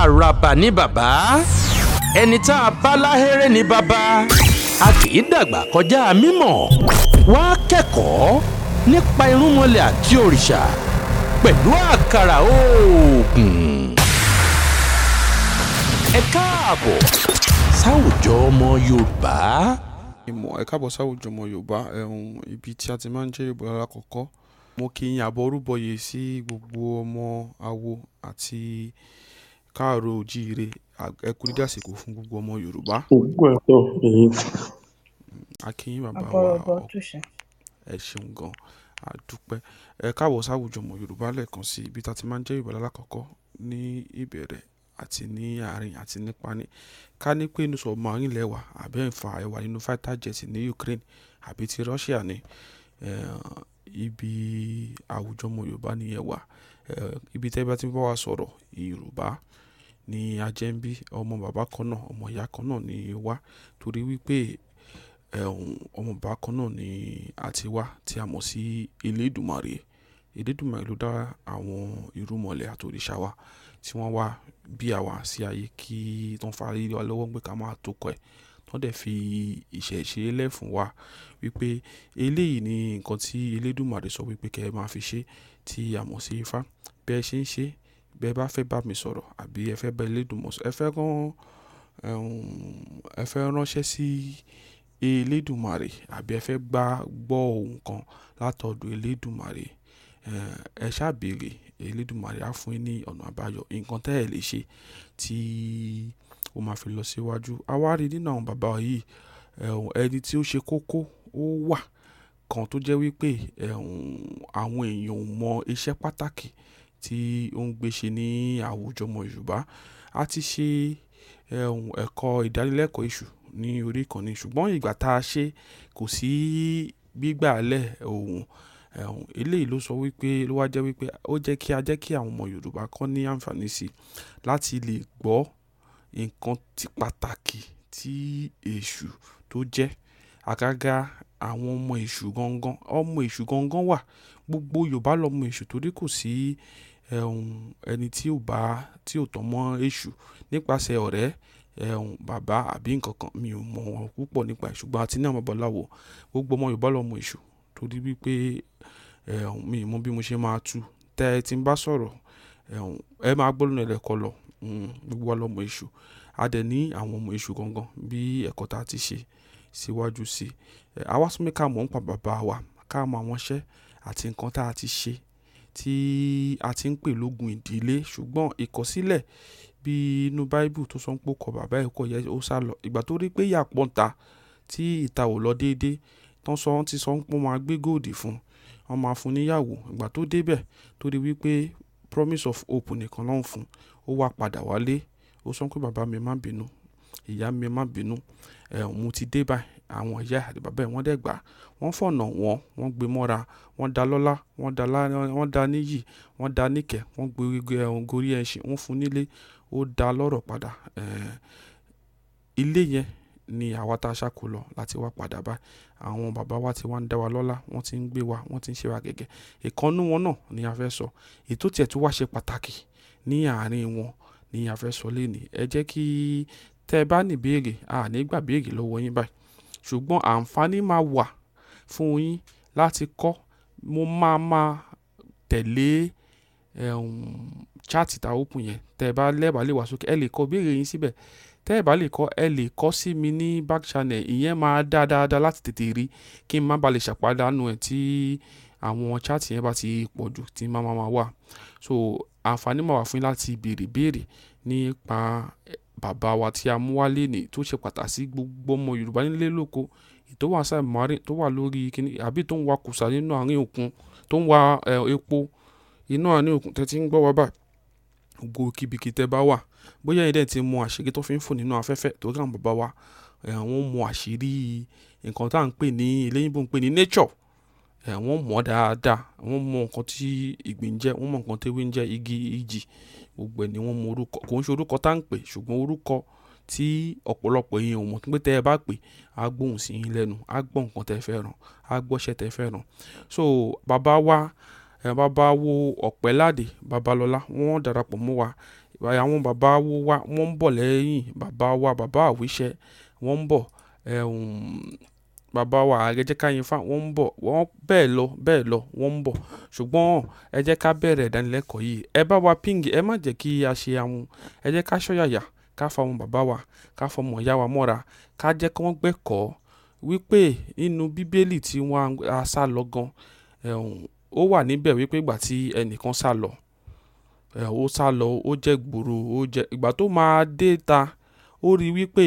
àràbà ni bàbá ẹni tá a bá láhéré ni bàbá a kì í dàgbà kọjá mímọ̀ wá kẹ́kọ̀ọ́ nípa irúnmọlẹ̀ àti òrìṣà pẹ̀lú àkàrà oògùn. ẹ káàbọ̀ sáwùjọ ọmọ yorùbá. ìmọ̀ ẹ káàbọ̀ sáwùjọ ọmọ yorùbá ibi tí a ti máa ń jẹ́ yorùbá lákọ̀ọ́kọ́ mo kí yín àbọ̀ orúbọyè sí gbogbo ọmọ awo àti káàárọ̀ òjíire ẹ kú dídá àsìkò fún gbogbo ọmọ yorùbá. òkú ẹ̀tọ́ èyí. akínyìn bàbá wa ẹ ṣeun gan a dúpẹ́ ẹ káàbọ̀ sáwùjọ ọmọ yorùbá lẹ́ẹ̀kan sí ibi tá a ti máa ń jẹ́ yorùbá lálákọ̀ọ́kọ́ ní ìbẹ̀rẹ̀ àti ní àárín àti nípa ní ká ní pé inú sọ̀rọ̀ mọ́rin lẹ́wà àbẹ́ ìfà ẹ̀wà nínú fighter jet ní Ukraine àbí ti Russia ní ibi àwùjọ ọmọ yorùbá ní ẹ̀wà ibi tẹ́ bá ti bá wa sọ̀rọ̀ yorùbá ni a jẹ́ ń bí ọmọ bàbá kan náà ọmọ ìyá kan náà ni wá torí wípé ọmọ bàbá kan náà ni a ti wá tí a mọ̀ sí Elédùmarè Elédùmarè ló dá àwọn irúnmọlẹ̀ àtòrìṣà wa tí wọ́n wá bí àwa sí ayé kí tán fárí wa lọ́wọ́ pé ká máa tó kọ ẹ̀ tán dẹ̀ fi ìṣẹ̀ṣe lẹ́fun wa wípé eléyìí ni nǹkan tí Elédùmarè sọ wípé kẹ́ ẹ máa fi ṣe tí a mọ̀ sí Ifá bẹ́ẹ̀ ṣe ń ṣe bí ẹ bá fẹ́ bá mi sọ̀rọ̀ àbí ẹ fẹ́ bá Elédùmarè sọ̀rọ̀ ẹ fẹ́ rán ẹ fẹ́ ránṣẹ́ sí Elédùmarè àbí ẹ fẹ́ gbá gbọ́ ohun kan látọ̀dọ̀ Elédùmarè ẹ ṣáà béèrè Elédùmarè á fún yín ní ọ̀nà àbáyọ nǹkan tẹ́ ẹ lè ṣe tí ó máa fi lọ síwájú a wá rí nínú àwọn bàbá yìí ẹni tí ó ṣe kókó ó wà kan tó jẹ́ wípé àwọn èèyàn ò mọ iṣẹ́ pàtàkì tí ó ń gbé ṣe ní àwùjọ ọmọ Yorùbá. A ti ṣe ẹ̀kọ́ ìdánilẹ́kọ̀ọ́ èṣù ní orí ìkànnì ṣùgbọ́n ìgbà tá a ṣe kò sí gbígbà lẹ̀ òun. Eléyìí ló sọ wípé ló wá jẹ́ wípé ó jẹ́ kí a jẹ́ kí àwọn ọmọ Yorùbá kan ní àǹfààní sí láti lè gbọ́ nǹkan tí pàtàkì tí èṣù tó jẹ́. Àgágá àwọn ọmọ èṣù gangan ọmọ èṣù gangan wà gbogbo yorùbá lọmọ èṣù torí kò sí ẹni tí ò bá tí ò tọ́ mọ́ èṣù nípasẹ̀ ọ̀rẹ́ bàbá àbí nkankan mi ò mọ̀ wọn púpọ̀ nípa èṣù ṣùgbọ́n àti ní àwọn babaláwo gbogbo ọmọ yorùbá lọmọ èṣù torí wípé mi ò mọ bí mo ṣe máa tu tẹ́ ẹ ti ń bá sọ̀rọ̀ ẹ máa gbọ́ lónà ẹlẹ́kọ̀ lọ gbogbo wa lọmọ èṣù a dẹ̀ ní àwọn ọmọ èṣù gangan bí ẹ̀kọ́ tá ti ṣe síwájú sí i àwa súnmí ká mọ̀ nípa bàbá wa ká mọ àwọn iṣẹ́ àti nǹkan tá a ti ṣe tí a ti ń pè lógun ìdílé ṣùgbọ́n ìkọsílẹ̀ bí inú báíbù tó sọ pé ó kọ bàbá ẹ̀ kọ yẹ ó sá lọ ìgbà tó rí pé ìyá pọ̀ ń ta tí ìta ò lọ déédé tán sọ ti sọ pé wọ́n máa gbé góòdì fún wọ́n máa fún níyàwó ìgbà tó débẹ̀ tó rí wípé promise of hope nìkan ló ń fún ó wá padà wálé ó sọ pé bàbá mi má bínú ìyá mi má bínú òun ti dé báyìí àwọn ìyá àti bàbá ẹ̀ wọ́n dẹ̀ gbà wọ́n fọ̀nà wọn wọ́n gbé mọ́ra wọ́n da lọ́lá wọ́n da lára wọ́n da níyì wọ́n da níkẹ́ wọ́n gbé gorí ẹṣin wọ́n fún nílé ó da lọ́rọ̀ padà ilé yẹn ni àwa tá a ṣàkó lọ láti wá padà bá àwọn bàbá wa ti wá ń dá wa lọ́lá wọ́n ti ń gbé wa wọ́n ti ń ṣe wa gẹ́gẹ́ ìkànnú wọn náà ni a fẹ́ sọ ètò tiẹ̀ tó wá ṣe pàtàkì ní àárín wọn ni a fẹ́ ẹ jẹ́ kí tẹ́ ẹ bá ní ìbéèrè a ní gbà béèrè lọ́wọ́ yín báyìí ṣùgbọ́n àǹfààní máa wà fún yín láti kọ́ mo máa máa tẹ̀lé chaati ta open yẹn tẹ́ ẹ bá lẹ́ẹ̀bà lè wá sókè ẹ lè kọ béèrè yín síbẹ̀ tẹ́ ẹ bá lè kọ ẹ lè kọ sí mi ní back channel ìyẹn máa dá dáadáa láti tètè rí kí n má ba lè ṣàpàdánù ẹ̀ tí àwọn chaati yẹn bá ti pọ̀ jù tí má má wà so àǹfààní máa wà fún yín láti béèrè béèrè nípa bàbá wa tí a mú wálé nì tó ṣe pàtàkì sí gbogbo ọmọ Yorùbá nílé lóko tó wà sáà mọ́rin tó wà lórí kíní àbí tó ń wa kùsà nínú àárín òkun tó ń wa epo inú àárín òkun tẹ́ ti ń gbọ́ wá báyìí gbogbo kíbikí tẹ́ bá wà bóyá ẹ̀yin dẹ̀ ti mọ àṣírí tó fi ń fò nínú afẹ́fẹ́ tó ràn bàbá wa wọ́n mọ àṣírí nǹkan tá à ń pè ní eléyìnbó ń pè ní nature wọ́n mọ̀ dáadáa wọ́n mọ nǹkan tí ìgbín ń wọ́n mọ nǹkan tẹ́wé ń jẹ igi ìjì gbogbo ẹ̀ ni wọ́n mọ orúkọ kò ń ṣe orúkọ tá à ń pè ṣùgbọ́n orúkọ tí ọ̀pọ̀lọpọ̀ yín ò mọ̀ pé tẹ́ ẹ bá pè á gbóhùn sí yín lẹ́nu á gbọ́ nǹkan tẹ́ fẹ́ràn á gbọ́ṣẹ́ tẹ́ fẹ́ràn so bàbá wa babawo ọ̀pẹ́ládé babalọ́lá wọ́n darapọ̀ mọ́ wa àwọn babawo wa wọ́n ń bọ̀ lẹ́yìn bàbá wa bàbá àwíṣẹ́ wọ́n ń bọ̀ bàbá wa ààrẹ jẹ́ká Yínfà wọ́n ń bọ̀ wọ́n bẹ́ẹ̀ lọ bẹ́ẹ̀ lọ wọ́n ń bọ̀ ṣùgbọ́n ẹ jẹ́ ká bẹ̀rẹ̀ ìdánilẹ́kọ̀ọ́ yìí ẹ bá wa píǹgì ẹ má jẹ́ kí a ṣe àwọn ẹ jẹ́ ká ṣọ́yàyà ká fa bàbá wa ká fọmọ ìyá wa mọ́ra ká jẹ́ kí wọ́n gbẹ̀kọ́ wípé nínú bíbélì tí wọ́n á sá lọ gan ó wà níbẹ̀ wípé ìgbà tí ẹnìkan sá lọ ó sá lọ ó jẹ́ gbòòrò ó jẹ́ ìgbà tó máa dé ta ó rí wípé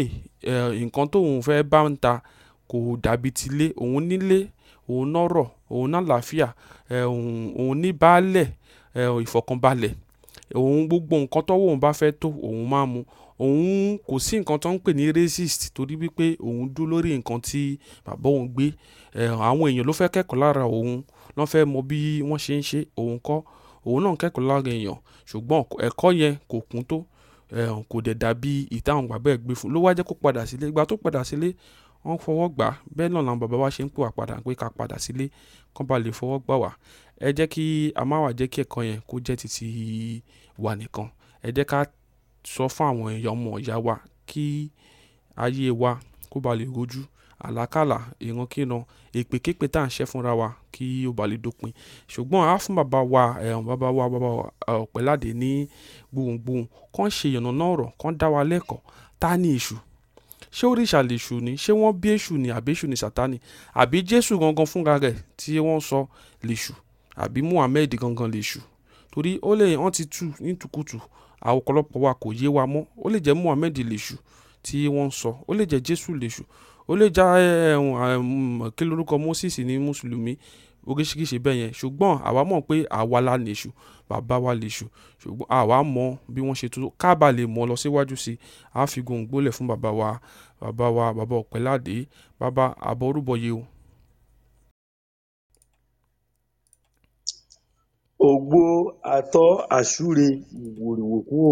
nǹkan tóun fẹ́ bá ń ta kò dàbí tilé òun nílé òun nọ́rọ̀ òun nálàáfíà òun ní baálẹ̀ ìfọ̀kànbalẹ̀ òun gbogbo nǹkan tọ́wọ́ òun bá fẹ́ tó òun máa mu òun kò sí nǹkan tó ń pè ní racist torí wípé òun dúró lórí nǹkan tí bàbá òun gbé àwọn èèyàn ló fẹ́ kẹ́kọ̀ọ́ lára òun ló fẹ́ mọ bí wọ́n ṣe ń ṣe òun kọ́ òun náà kẹ́kọ̀ọ́ lára èèyàn ṣùgbọ́n ẹ̀kọ́ yẹn kò kún tó kò dẹ̀ dàbí ìtàn bàbá ẹ̀ gbé fún ló wá jẹ́ kó padà sílé ìgbà tó padà sílé wọ́n fọwọ́ gbà bẹ́ẹ̀ náà làwọn bàbá wa ṣe ń pè wá padà pé ká padà sílé kán bá lè fọwọ́ gbà wá ẹ jẹ́ kí a má wà jẹ́ kí ẹ̀kọ́ yẹn kó jẹ́ títí wa nìkan ẹ jẹ́ ká sọ fún àwọn èèyàn ọmọ ìyá wa kí ayé wa kó ba lè rojú àlákàlà ìrankíran èpèképè tá à ń ṣe fúnra wa kí ó ba lè dópin ṣùgbọ́n a fún bàbá wa ẹ̀hún bàbá wa bàbá Ọ̀pẹ́ládé ní gbohùngbohùn kán ṣe ìyànnà náà ọ̀rọ̀ kán dá wa lẹ́kọ̀ọ́ ta ni èṣù ṣé òrìṣà lè ṣù ni ṣé wọ́n bí èṣù ni àbí èṣù ni sátánì àbí jésù gangan fúnra rẹ̀ tí wọ́n sọ lè ṣù àbí muhammed gangan lè ṣù torí ó lè hàn ti tù ní tukutu àwọn ọ̀pọ̀lọpọ̀ wa kò yé wa mọ́ ó lè jẹ́ muhammed lè ṣù tí wọ́n sọ ó lè jẹ́ jésù lè ṣù ó lè já ẹ̀hún kí lórúkọ moses ní mùsùlùmí oríṣiríṣi bẹ́ẹ̀ yẹn ṣùgbọ́n àwa mọ̀ pé àwa la lèṣù bàbá wa lèṣù ṣùgbọ́n àwa mọ̀ bí wọ́n ṣe tó kábà lè mọ̀ lọ síwájú sí i a fi gòǹgbólẹ̀ fún bàbá wa bàbá wa bàbá ọ̀pẹ́ládé bàbá àbọrúbọyé o. ògbó àtọ àṣúre ìwòrìwòkú o.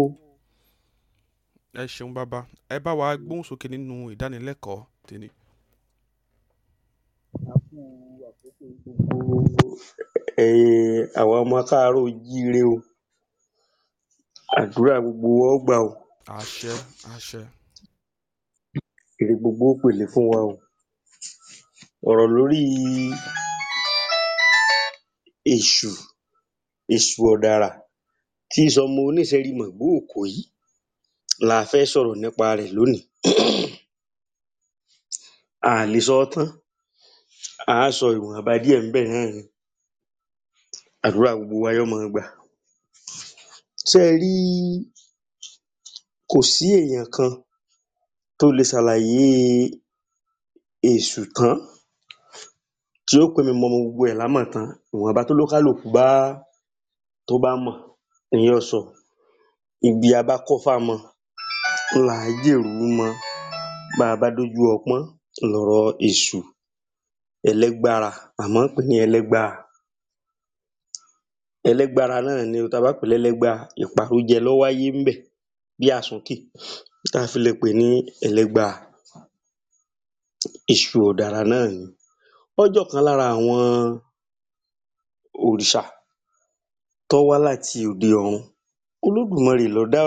ẹ ṣeun bàbá ẹ bá wa gbóhùn sókè nínú ìdánilẹ́kọ̀ọ́ tèmi. a fún um àwa ọmọ káàárọ̀ ojíire o àdúrà gbogbo wa ó gbà o àṣẹ àṣẹ. ire gbogbo ó pèlé fún wa o ọ̀rọ̀ lórí èṣù èṣù ọ̀dàrà tí í ṣọmọ oníṣẹ̀rí-mọ̀-gbó òkòyí la fẹ́ sọ̀rọ̀ nípa rẹ̀ lónìí. à lè sọ tán á sọ ìwọ̀nba díẹ̀ ńbẹ̀ náà ni àdúrà gbogbo wa yó máa gbà. Ṣé ẹ rí kò sí èèyàn kan tó le ṣàlàyé èṣù tán tí ó pé mi mo mọ gbogbo ẹ̀ lámọ̀ tán, ìwọ̀nba tólúkálùkù bá tó bá mọ̀ ni yó sọ. Ibi a mọ ńlà jèrú mọ, bá a bá dójú ọpọ́n lọ̀rọ̀ èṣù ẹlẹ́gbára à mọ́ ń pè ní ẹlẹ́gbára ẹlẹ́gbára náà ni o, ta bá pè lẹ́lẹ́gbára ìparọ́jẹ ló wáyé ńbẹ̀ bí àsúnkì tá fi le pè ní ẹlẹ́gbára èṣù ọ̀dàrà náà ni ó jẹ́ ọ̀kan lára àwọn òrìṣà tó wá láti òde ọ̀run Olódùmarè ló dá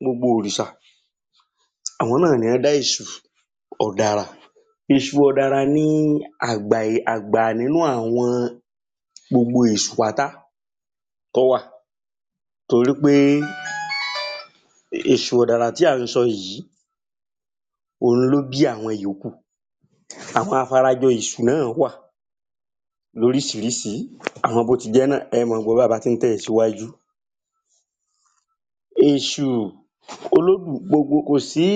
gbogbo òrìṣà àwọn náà ni wọ́n dá èṣù ọ̀dàrà Èṣù ọ̀dàrà ni àgbà nínú àwọn gbogbo èṣù pátá tó wà torí pé èṣù ọ̀dàrà tí à ń sọ yìí òun ló bí àwọn ìyókù. Àwọn afarajọ èṣù náà wà lóríṣiríṣi àwọn bó ti jẹ́ náà ẹ mọ́ gbọ́ bá a ti ń tẹ̀ síwájú. Èṣù kò sí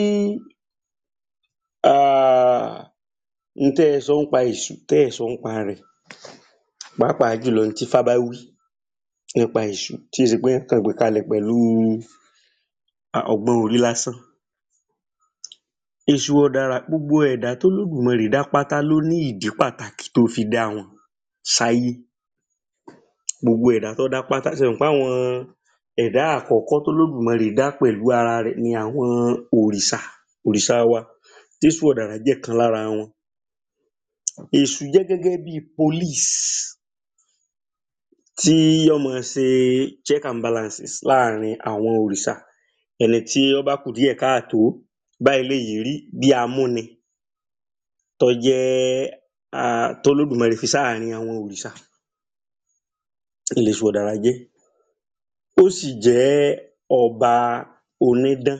N tẹ́ ẹ sọ nípa èṣù tẹ́ ẹ̀ sọ nípa rẹ̀ pàápàá jùlọ n tífá bá wí nípa èṣù tí è ṣe pé èèyàn kàn gbé kalẹ̀ pẹ̀lú ọgbọ́n orí lásán. Èṣù ọ̀dàrà gbogbo ẹ̀dá tólódùmarè dá pátá ló ní ìdí pàtàkì tó fi dá wọn sáyé. Gbogbo ẹ̀dá tọ́ dá pátá ṣẹ mọ̀ páwọn ẹ̀dá àkọ́kọ́ tólódùmarè dá pẹ̀lú ara rẹ̀ ni àwọn òrìṣà òrìṣà wa téṣù ọ̀dàrà jẹ́ kan lára wọn. Èṣù jẹ́ gẹ́gẹ́ bí police tí yó máa ṣe check and balances láàrin àwọn òrìṣà ẹni tí ó bá kù díẹ̀ káàtó báyìí leléyìí rí bí amúni tó jẹ́ um tólódùmarè fi sáàrin àwọn òrìṣà leṣù ọ̀dàrà jẹ́. Ó sì jẹ́ ọba onídán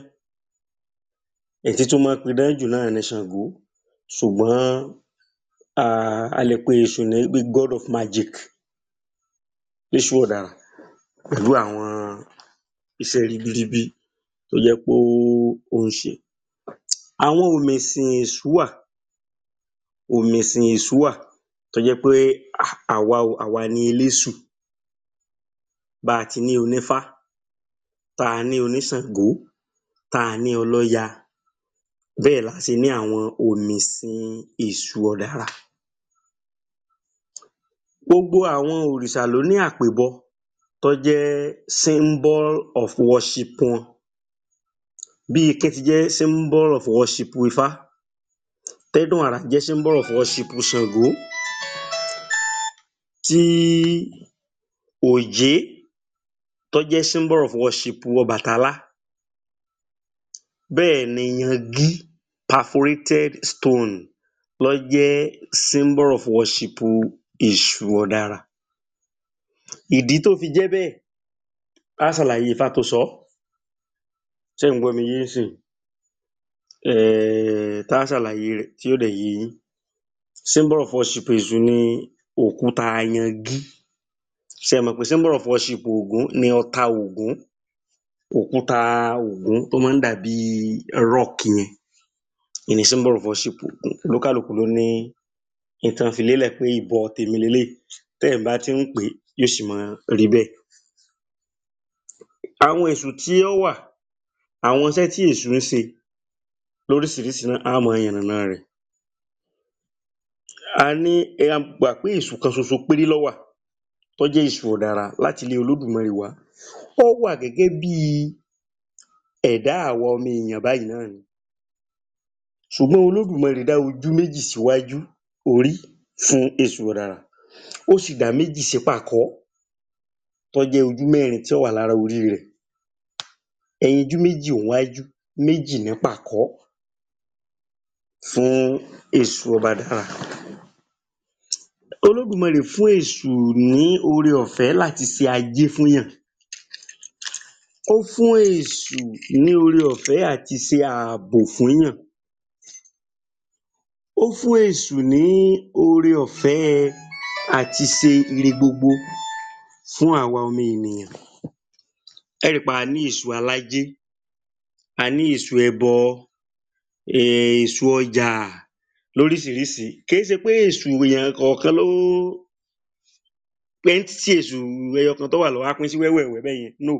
èyí tí tún máa ń pidán jù náà ni Ṣàngó ṣùgbọ́n um a lè pe èṣù ní the god of magic èṣù ọ̀dàrà pẹ̀lú àwọn iṣẹ́ ribiribi tó jẹ́ pé ó ń ṣe. Àwọn òmìsìn èṣù wà òmìsìn èṣù wà tó jẹ́ pé àwa o àwa ni eléṣù bá a ti ní onífá, tá ní oníṣàngó, tá ní ọlọ́ya bẹ́ẹ̀ la ṣe ní àwọn òmìsìn èṣù ọ̀dàrà. Gbogbo àwọn òrìṣà ló ní àpèbọ tó jẹ́ symbol of worship wọn. Bí Ikin ti jẹ́ symbol of worship Ifá, tẹ́dùn àrà jẹ́ symbol of worship sango ti Òjé tó jẹ́ symbol of worship Ọbàtálá. Bẹ́ẹ̀ ni Yangi perforated stone ló jẹ́ symbol of worship èṣù ọ̀daràn. Ìdí tó fi jẹ́ bẹ́ẹ̀, á sàlàyé ifá tó sọ ọ́, ṣé ẹ̀ ń gbọ́ mi yé nísìnyí um tá á sàlàyé rẹ̀ tí yó dẹ̀ yé yín. symbol of worship èṣù ni òkúta ayangi, ṣé mọ̀ pé symbol of worship Ògún ni ọta Ògún, òkúta Ògún tó máa ń dàbí rock yẹn, ìyẹn ni symbol of worship Ògún, olúkálùkù ló ní n tán fi lélẹ̀ pé ìbọ tèmi leléyìí téèyàn bá ti ń pè é yóò sì máa rí bẹ́ẹ̀. Àwọn èṣù tí ó wà, àwọn iṣẹ́ tí èṣù ń ṣe lóríṣiríṣi náà á máa yànnàná rẹ̀. A ní a gbà pé èṣù kan ṣoṣo péré ló wà tó jẹ́ èṣù ọ̀dàrà láti ilé Olódùmarè wá. Ó wà gẹ́gẹ́ bí ẹ̀dá àwa ọmọ èèyàn báyìí náà ni ṣùgbọ́n Olódùmarè dá ojú méjì síwájú orí fún èṣù ọ̀dàrà, ó sì dá méjì sí pàkọ́ tó jẹ́ ojú mẹ́rin tí ó wà lára orí rẹ̀, ẹyinjú méjì níwájú, méjì ní pàkọ́ fún èṣù ọbadára. Olódùmarè fún èṣù ní oore-ọ̀fẹ́ láti ṣe ajé fún èèyàn, ó fún èṣù ní oore-ọ̀fẹ́ àti ṣe ààbò fún èèyàn, ó fún èṣù ní oore-ọ̀fẹ́ àti ṣe ire gbogbo fún àwa ọmọ ènìyàn. Ẹ rí i pé a ní èṣù alájé, a ní èṣù ẹbọ, èṣù ọjà lóríṣiríṣi. Kì í ṣe pé èṣù èèyàn kọ̀ọ̀kan ló entity èṣù ẹyọ kan tó wà ló wá pín sí wẹ́wẹ̀ẹ̀wẹ́ bẹ́yẹn no.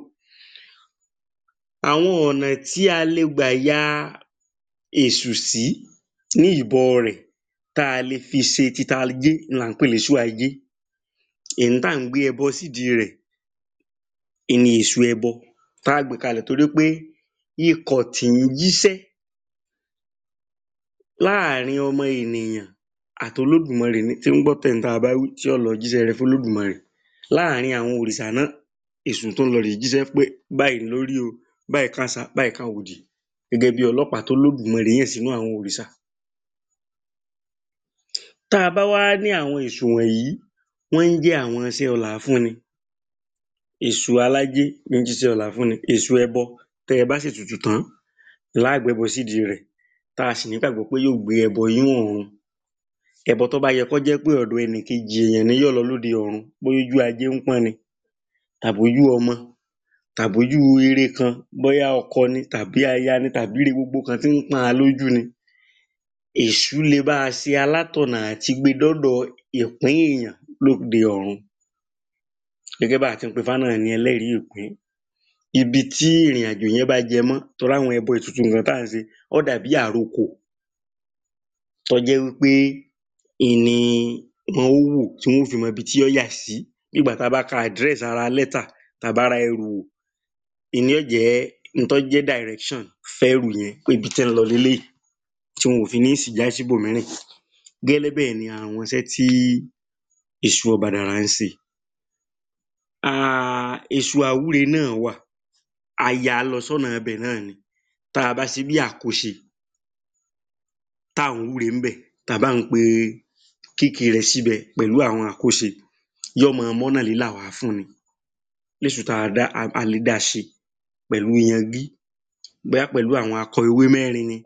Àwọn ọ̀nà tí a lè gbà ya èṣù sí ní ìbọ̀ rẹ̀ tá a le fi ṣe títa ajé n là ń pè léṣù ajé. Èyí tá gbé ẹbọ sídìí rẹ̀ n ni èṣù ẹbọ tá gbé kalẹ̀ torí pé ikọ̀ tí ń láàrin ọmọ ènìyàn àti Olódùmarè tí ń gbọ́ tẹ̀hún tá a bá wí tí ó lọ jíṣẹ́ rẹ̀ fÓlódùmarè. Láàrin àwọn òrìṣà náà lọ rè jíṣẹ́ pé báyìí o, báyìí báyìí gẹ́gẹ́ Tá a bá wá ní àwọn èṣù wọ̀nyí wọ́n ń jẹ́ àwọn iṣẹ́ ọ̀la fúnni. Èṣù alájé ń jíṣẹ́ ọ̀la fúnni, èṣù ẹbọ tẹ́ ẹ bá ṣètùtù tán lá à gbẹ́bọ sídìí rẹ̀ tá a sì nígbàgbọ́ pé yóò gbé ẹbọ yín ọ̀run. Ẹbọ tó bá yẹ kó jẹ́ pé ọ̀dọ̀ ẹnìkejì èèyàn ni yóò lọ lóde ọ̀run bóyá ojú ajé ń pọ́n ni tàbójú ọmọ tàbójú ire kan bóyá ọkọ ni tàbí aya ni tàbí ire gbogbo kan tí ń pọ́n a lójú ni Èṣù le bá a ṣe alátọ̀nà àti gbé dọ́dọ̀ ìpín èèyàn lóde ọ̀run gẹ́gẹ́ bá a ti ń pe Ifá ní ẹlẹ́rìí ìpín ibi tí ìrìnàjò yẹn bá jẹ mọ́ torí àwọn ẹbọ ètùtù nǹkan tá à ń ṣe ó dàbí àrokò tó wípé ìní pé n ni wọn ó wò tí wọn ó fi mọ ibi tí yó yà sí bí ìgbà tá a bá ka àdírẹ́sì ara lẹ́tà tá a bá ra ẹrù wò Ìní ni ó direction fẹ́rù yẹn pé ibi tí ń lọ leléyìí tí wọn ò fi ní já sí ibòmíràn. Gẹ́lẹ́ bẹ́ẹ̀ ni àwọn iṣẹ́ tí èṣù ọ̀bàràrà ń ṣe. Èṣù àwúre náà wà, a yà lọ sọ́nà ibẹ̀ náà ni. Tá a bá ṣe bí àkóṣe tá à ń wúre ńbẹ̀, tá a bá ń pe kíkì rẹ̀ síbẹ̀ pẹ̀lú àwọn àkóṣe, yó máa mọ́nà lílà wá fún ni. Léṣù tá a dá, a lè dá ṣe pẹ̀lú ìyangí, bóyá pẹ̀lú àwọn akọ ewé mẹ́rin ni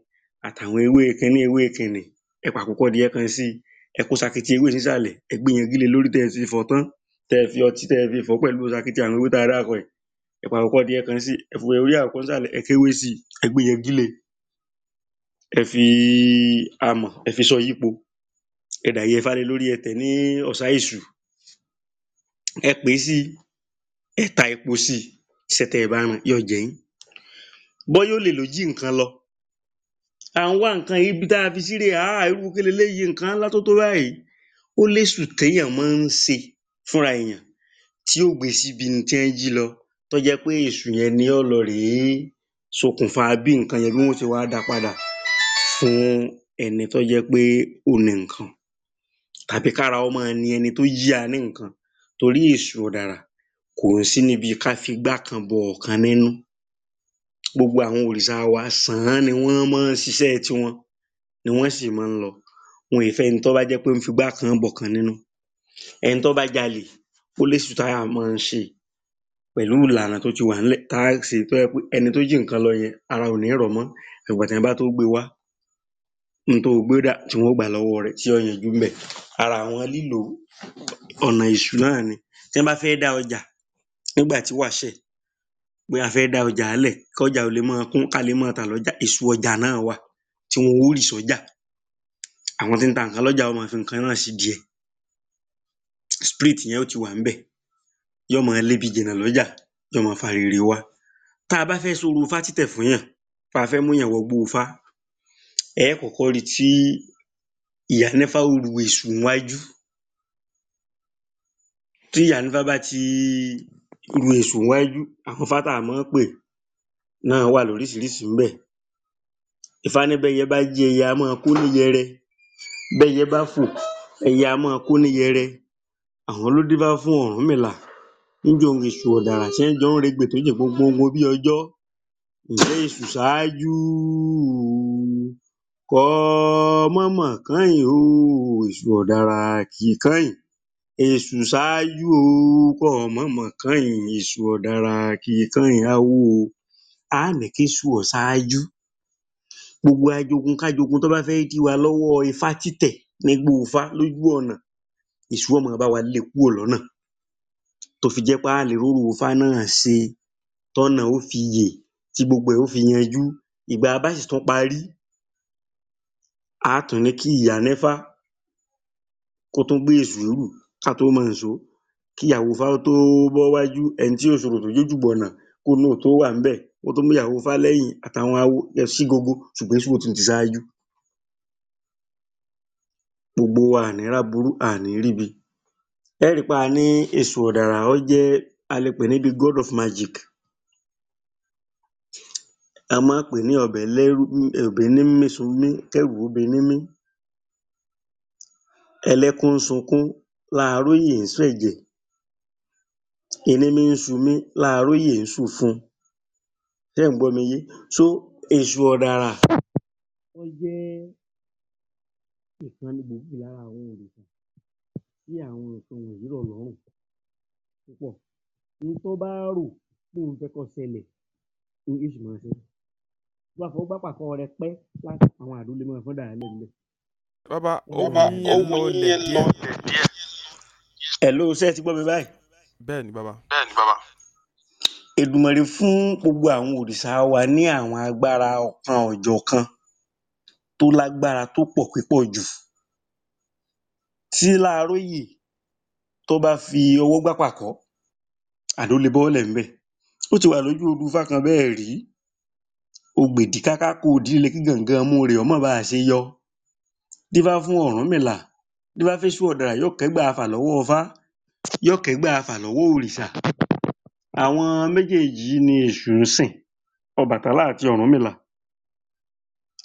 àtàwọn ewé kiní ewé kìnì, ẹ pàkókó adìẹ kan sí i, ẹ kó ṣakiti ewé sí ìsàlẹ̀, ẹ gbéyangi lé e lórí tẹ́ ẹ ti fọ̀ tán, tẹ́ ẹ fi ọtí tẹ́ ẹ fi fọ̀ ọ́ pẹ̀lú ṣakiti àwọn ewé tá a dárúkọ yìí, ẹ kan sí ẹ ẹ kéwé sí ẹ ẹ fi amọ̀ ẹ fi sọ yípo, ẹ lọ à ń wá nǹkan ibi tá a fi sí rèé háà irú kí leléyìí nǹkan ńlá tó tó báyìí ó léṣù téèyàn máa ń ṣe fúnra èèyàn tí ó gbé síbi n tí wọ́n jí lọ tó jẹ́ pé èṣù yẹn ni yóò lọ rèé ṣokùnfà bí nǹkan yẹn bí wọ́n ó ṣe wá da padà fún ẹni tó jẹ́ pé ó ni nǹkan tàbí kára ó máa ni ẹni tó yá ní nǹkan torí èṣù ọ̀dàrà kò sí níbi ká figbá kan bọ ọ̀kan nínú gbogbo àwọn òrìṣà wa ṣàngó ni wọ́n mọ́ ń ṣiṣẹ́ tiwọn ni wọ́n sì mọ́ ń lọ wọn è fẹ́ ẹni tó bá jẹ́ pé ó ń figbá kan bọ̀kan nínú ẹni tó bá jalè ó léṣù tá á mọ́ ń ṣe pẹ̀lú ìlànà tó ti wà ńlẹ̀ tá a ṣe tó jẹ́ pé ẹni tó jí nǹkan lọ yẹn ara ò ní rọ̀ mọ́ ìgbà tí wọ́n bá tó gbé e wá ohun tó o gbé dà tí wọ́n ó gbà lọ́wọ́ rẹ̀ tí yóò yanjú ńbẹ̀ ara àwọn lílò ọ̀nà èṣù ni tí wọ́n bá fẹ́ dá ọjà nígbà tí wàṣẹ̀ pé a fẹ́ dá ọjà lẹ̀ kọ́jà ó lè máa kún ká lè máa tà lọ́jà èso ọjà náà wà tí wọn ó rì sọ́jà àwọn tí ń ta nǹkan lọ́jà ó máa fi nǹkan náà sídìí ẹ̀ spirit yẹn ó ti wà ńbẹ̀ yóò máa lébi jìnnà lọ́jà yóò máa fa rere wá tá a bá fẹ́ sóru ifá títẹ̀ fún yàn tá a fẹ́ múyàn wọgbó ifá ẹ é rí tí ìyá nífá ó ru tí ìyá bá ti irú èsùwẹ́yú, àwọn Ifá tá a mọ̀ ọ́n pè náà wà lóríṣiríṣi ńbẹ̀. Ifá ní bẹ́yẹ bá jí ẹyẹ á máa kó ní yẹrẹ, bẹ́yẹ bá fò ẹyẹ á máa kó Àwọn ló fún Ọ̀rúnmìlà níjọ́ un èṣù ọ̀dàrà jọ ń regbè tó èṣù ṣáájú o kọ́ ọ mọ̀ọ́mọ̀ kányìn èṣù ọ̀dàrà kì í kányìn awo o á ní kéṣù ó ṣáájú gbogbo ajogunkájogun tó bá fẹ́ dí wa lọ́wọ́ ifá títẹ̀ nígbó ifá lójú ọ̀nà èṣù ó máa bá wa lé e kúrò lọ́nà tó fi jẹ́ pé á lè rórò ifá náà ṣe tọ́nà ó fi yè tí gbogbo ẹ̀ ó fi yanjú ìgbà bá sì tún parí á tún ní kí ìyá nífá kó tún gbé èṣù rù ká tó mọ nìṣó kíyàwó ifá ó tó bọ́ wájú ẹni tí yóò ṣorò tó yóò jùbọ̀nà kóun náà tó wà ńbẹ̀ ó tún múyàwó ifá lẹ́yìn àtàwọn awo sígogo ṣùgbọ́n èṣù tún ti ṣáájú gbogbo wa à ní ríbi ẹ rí i ní èṣù ọ̀dàrà ó jẹ́ a le pè é god of magic a máa ń pè é ní ọbẹ̀ lẹ́rú ọbẹ̀ ní mí sunmí kẹ́rù ó mí ẹlẹ́kún sunkún láàárọ̀ yìí ń ṣẹ̀jẹ̀, ìní mi ń ṣu mí láàárọ̀ yìí ń ṣùfun. Ṣé ẹ̀ ń gbọ́ mi yé? So, èṣù ọ̀dàrà ó jẹ́ ìkan gbòógì lára àwọn òrìṣà tí àwọn nǹkan wọ̀nyí rọ̀ lọ́rùn púpọ̀. Ohun tán bá rò póun fẹ́ kó ṣẹlẹ̀ ni yóò sì máa ṣẹlẹ̀. Tó bá fọwọ́ gbá pàkọ́ rẹpẹ́, àwọn àdó lè máa fọ́n dàá lẹ̀ Bàbá ó wù yín ẹ Hello, ṣé ẹ ti gbọ́ mi báyìí? Bẹ́ẹ̀ni bàbá. Bẹ́ẹ̀ni bàbá. Èdùmàrè fún gbogbo àwọn òrìṣà wa ní àwọn agbára ọ̀kan-ò-jọ̀kan tó lágbára tó pọ̀ pípọ̀jù. Tí Láàróyè tó bá fi ọwọ́ gbá pàkọ́, àdó le bọ́ọ́lẹ̀ ńbẹ̀. Ó ti wà lójú odu Ifá kan bẹ́ẹ̀ rí. Ogbèdí kákákò ìdílé kí gàngan imú rẹ̀ ó má baà ṣe yọ. Dífá fún Ọ̀rúnmìlà tó bá fẹ́ sú ọ̀daràn yóò kẹ́gbà afà lọ́wọ́ Ọfá, yóò kẹ́gbà afà lọ́wọ́ òrìṣà. Àwọn méjèèjì ni èṣù ń sìn, Ọbàtálá àti Ọ̀rúnmìlà.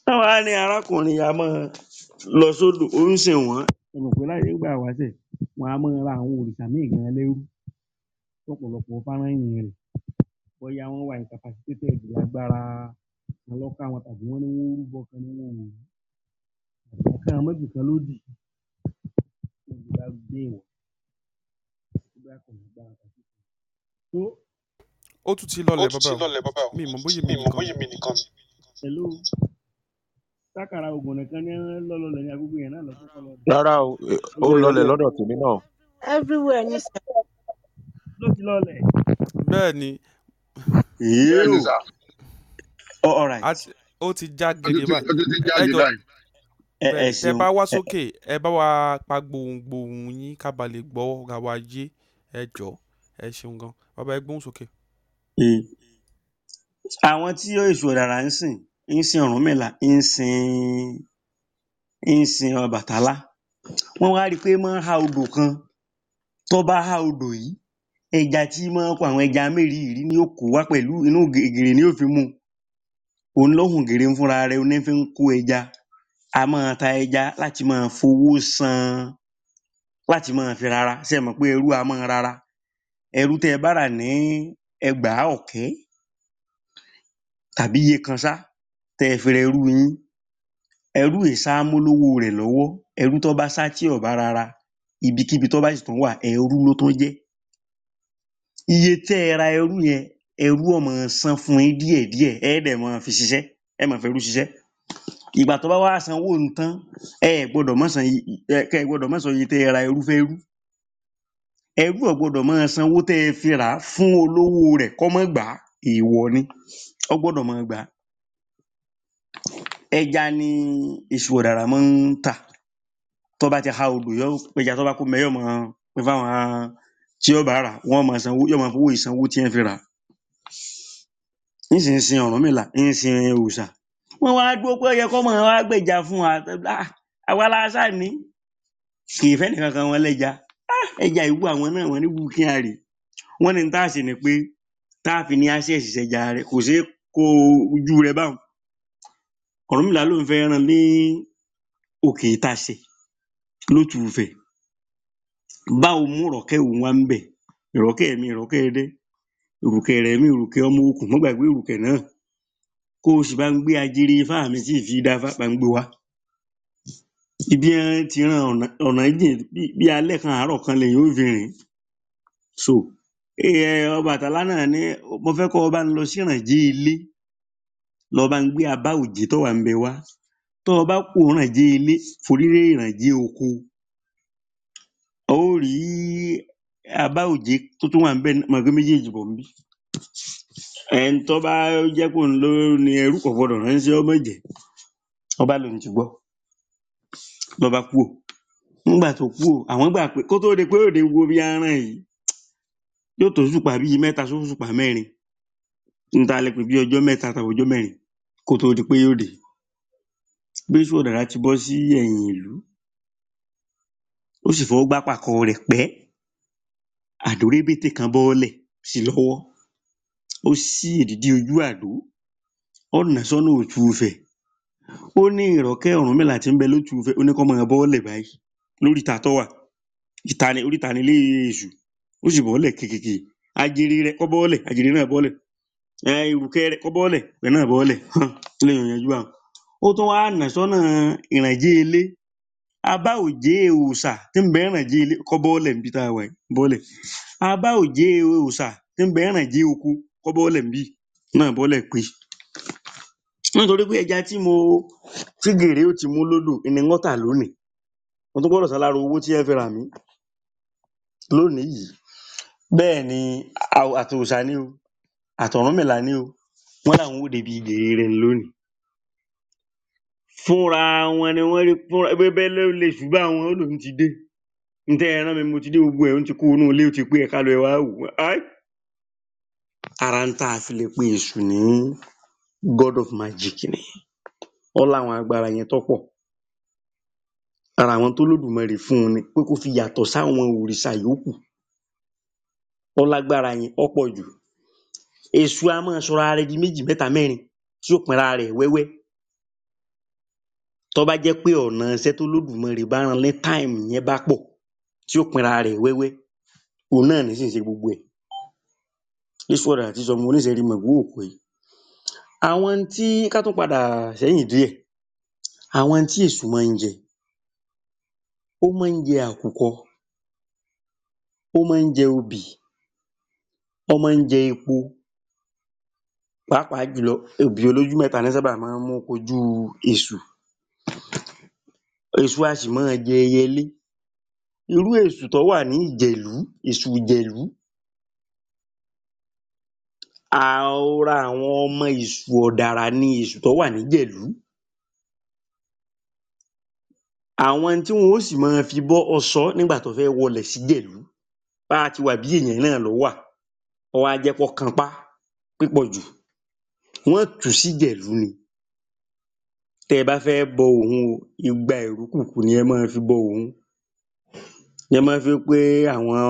Wọ́n wá ní arákùnrin a máa lọ sódò, ó ń sìn wọ́n. Ẹ mọ̀ pé láyé ìgbà ìwásẹ̀, wọn a máa ra àwọn òrìṣà míì gan lẹ́rú lọ́pọ̀lọpọ̀ fárányìn rẹ̀. Bóyá wọ́n wà incapacitated agbára kan ló ká tàbí wọ́n ní wọ́n rúbọ kan ni wọn ò mọ̀. Ọ̀kan kan ló dì ó tún ti lọlẹ̀ bàbá o mi mọ̀ bóyá mi nìkan. sákàrà oògùn nìkan ní lọ́lọ́lẹ̀ ní agbègbè yẹn náà lọ́sọ̀ kọ́ rárá o ó lọlẹ̀ lọ́dọ̀ tèmi náà. everywhere ni sir. ló ti lọlẹ̀. bẹ́ẹ̀ ni. yíyó oh, ó ti já gidi báyìí ẹ ṣeun ẹ bá wá sókè ẹ bá wa pa gbohùngbohùn yín ká ba lè gbọ́ ra wa yé ẹ jọ ẹ ṣeun gan bàbá ẹ gbóhùn sókè. àwọn tí Èṣù Ọ̀dàrà ń sìn ń sìn Ọ̀rúnmìlà ń sìn ń sìn Ọbàtálá wọ́n wá rí i pé máa ń há odò kan tó bá há odò yìí ẹja tí máa ń pa àwọn ẹja mérìíìírí ni yóò kó wá pẹ̀lú inú gìrì ni yóò fi mú un òun ló hùn fúnra rẹ̀ òun ní fi ń kó ẹja a máa ta ẹja láti máa fowó san, láti máa fi rará, ṣé ẹ mọ̀ pé ẹrú a máa rará, ẹrú tẹ́ ẹ bá rà ní ẹgbàá ọ̀kẹ́ tàbí iye kan ṣá tẹ́ ẹ fi ra ẹrú yín, ẹrú è sá mólówó rẹ̀ lọ́wọ́, ẹrú tó bá sá tí ò bá rará, ibikíbi tó bá sì tún wà, ẹrú ló tún jẹ́. Iye tẹ́ ẹ ra ẹrú yẹn, ẹrú ó máa san fún yín díẹ̀díẹ̀, ẹ dẹ̀ máa fi ṣiṣẹ́, ẹ máa fẹrú ṣiṣẹ́ ìgbà tó bá wá sanwó un tán ẹ ẹ̀ gbọdọ̀ má san kẹ́ ẹ gbọdọ̀ má san iye tẹ́ ẹ ra irúfẹ́ ẹrú ẹrú ò gbọdọ̀ máa sanwó tẹ́ ẹ fi rà á fún olówó rẹ̀ kọ́ mọ́ gbà á èèwọ̀ ni ọ́ gbọ́dọ̀ máa gbà á. Ẹja ni èṣù ọ̀dàrà máa ń tà tọ́ bá ti há odò yó ẹja tó bá kó ńbẹ̀ yó máa pín fáwọn tí ó bá rà á wọ́n sanwó yó máa fowó yìí tí wọ́n fi rà á. Ń sì ń sin Ọ̀rúnmìlà wọn wá dúró pé ó yẹ kí wọ́n wá gbèjà fún wa ah, àwa la ní kì í fẹ́nì iwu wọn ah, ẹja ìwú àwọn náà wọ́n ní bukina rè wọ́n ní tá a sì ní pé tá a fi ní rẹ kò ṣeé kó ojú rẹ báwọn Ọ̀rúnmìlà ló ń fẹ́ ní òkè báwo mú ìrọ̀kẹ́ òun wá ń bẹ̀ kó o sì bá ń gbé ajere ifá mi tí ì fi dáfá bá ń gbé wá ibi ọ́n ti ran ọ̀nà ọ̀nà jìn bí alẹ́ kan àárọ̀ kan lèèyàn ó fi rìn so um Ọbàtálá náà ní mo fẹ́ kọ́ ọ bá ń lọ sírànjẹ́ ilé lọ bá ń gbé abá òjé tó wà ńbẹ̀ wá tó o bá kúò ńrànjẹ́ ilé forí ré ìrànjẹ́ oko o ó rí abá òjé tó tún wà ńbẹ̀ mọ̀ pé méjéèjì bọ̀ ńbí ẹni tó bá jẹ́ pé òun ló ni ẹrú kò gbọdọ̀ ránṣẹ́ ọmọ jẹ̀ẹ́ ló bá lòun ti gbọ́ ló bá kúò nígbà tó kúò àwọn gbà pé kó tó de pé yóò dé gbogbo ibi aran yìí yóò tóṣùpá bíi mẹ́ta sóṣùpá mẹ́rin n ta lè pè bí ọjọ́ mẹ́ta tàbí ọjọ́ mẹ́rin kó tó di pé yóò dé Bíṣú Ọ̀dàrà ti bọ́ sí ẹ̀yìn ìlú ó sì fọwọ́ gbápàkọ rẹ̀ pẹ́ àdórébètè kan bọ́ọ́lẹ̀ si lọ́wọ́ Ó ṣí ojú àdó, ó nà án sọ́nà ó ní ìrọ̀kẹ́ tí ń bẹ ó ní kọ́ báyìí wà, ni oríta nilé Èṣù, ó sì bọ́ọ́lẹ̀ kìkìkì, ajere rẹ̀ kó bọ́ọ́lẹ̀, ajere náà bọ́ọ́lẹ̀, um ìrùkẹ̀ẹ̀ rẹ̀ kó bọ́ọ́lẹ̀, ìrùkẹ̀ẹ̀ náà bọ́ọ́lẹ̀ um eléyìí ò Ó tún wá nà sọ́nà ìrànjẹ ilé, abá òjé òòṣà tí ń bẹ nírànjẹ ilé kó bọ́ọ́lẹ̀ níbi tá a wà yìí, bọ́ọ́lẹ̀, abá òjé tí kó bọ́ọ́lẹ̀ ńbí náà bọ́ọ́lẹ̀ pé nítorí pé ẹja tí mo tí gèrè ó ti mú lódò ni n ó tà lónìí mo tún gbọ́dọ̀ sáláro owó tí ẹ̀ fi rà mí lónìí yìí bẹ́ẹ̀ ni àtòòṣà ni o àtọ̀rúnmìlà ni o wọ́n làwọn ó débi gèrè rẹ̀ lónìí fúnra wọn ni wọ́n rí leṣù bá wọn ó lòún ti dé n tẹ́ ẹ rán mi mo ti dé gbogbo ẹ̀ ó ti kúrò nínú ilé ó ti pé ẹ ká ẹ wá wò ó ara n tá a fi lè pe èṣù ní god of magic nìyẹn ó láwọn agbára yẹn tó pọ̀ ara àwọn tólódùmarè fún un ni pé kó fi yàtọ̀ sáwọn òrìṣà yòókù ó lágbára yẹn ó pọ̀ jù èṣù a máa sọra rẹ̀ di méjì mẹ́ta mẹ́rin tí ó pínra rẹ̀ wẹ́wẹ́ tó bá jẹ́ pé ọ̀nà iṣẹ́ tólódùmarè bá ran ní táìmù yẹn bá pọ̀ tí ó pínra rẹ̀ wẹ́wẹ́ òun náà ní gbogbo ẹ̀ Israel àti Sọ́ọ̀mù oníṣẹ̀rí-mẹ̀gbẹ́ òkùn yìí. Àwọn n tí ká tún padà sẹ́yìn díẹ̀, àwọn n tí èṣù máa ń jẹ. Ó máa ń jẹ àkùkọ, ó máa ń jẹ obì, ó máa ń jẹ epo, pàápàá jùlọ obì olójú mẹ́ta ná sábà máa ń mú kojú èṣù. Èṣù a sì máa jẹ ẹyẹlé. Irú èṣù tó wà ní Ìjẹ̀lú, èṣù Ìjẹ̀lú ara àwọn ọmọ èṣù ọ̀dàrà ni èṣù tó wà níjẹ̀lú. Àwọn tí wọn ó sì máa fi bọ́ ọ sọ ọ́ nígbà tó fẹ́ wọlẹ̀ síjẹ̀lú. Bá ti wà bí èèyàn náà ló wà, ó wá jẹ́ pọ́ kanpá pípọ̀jù. Wọ́n tù ú síjẹ̀lú ni. Tẹ́ ẹ bá fẹ́ bọ òun o, igba ìrúkùkù ni ẹ máa fi bọ òun ní wọ́n máa fi ń pé àwọn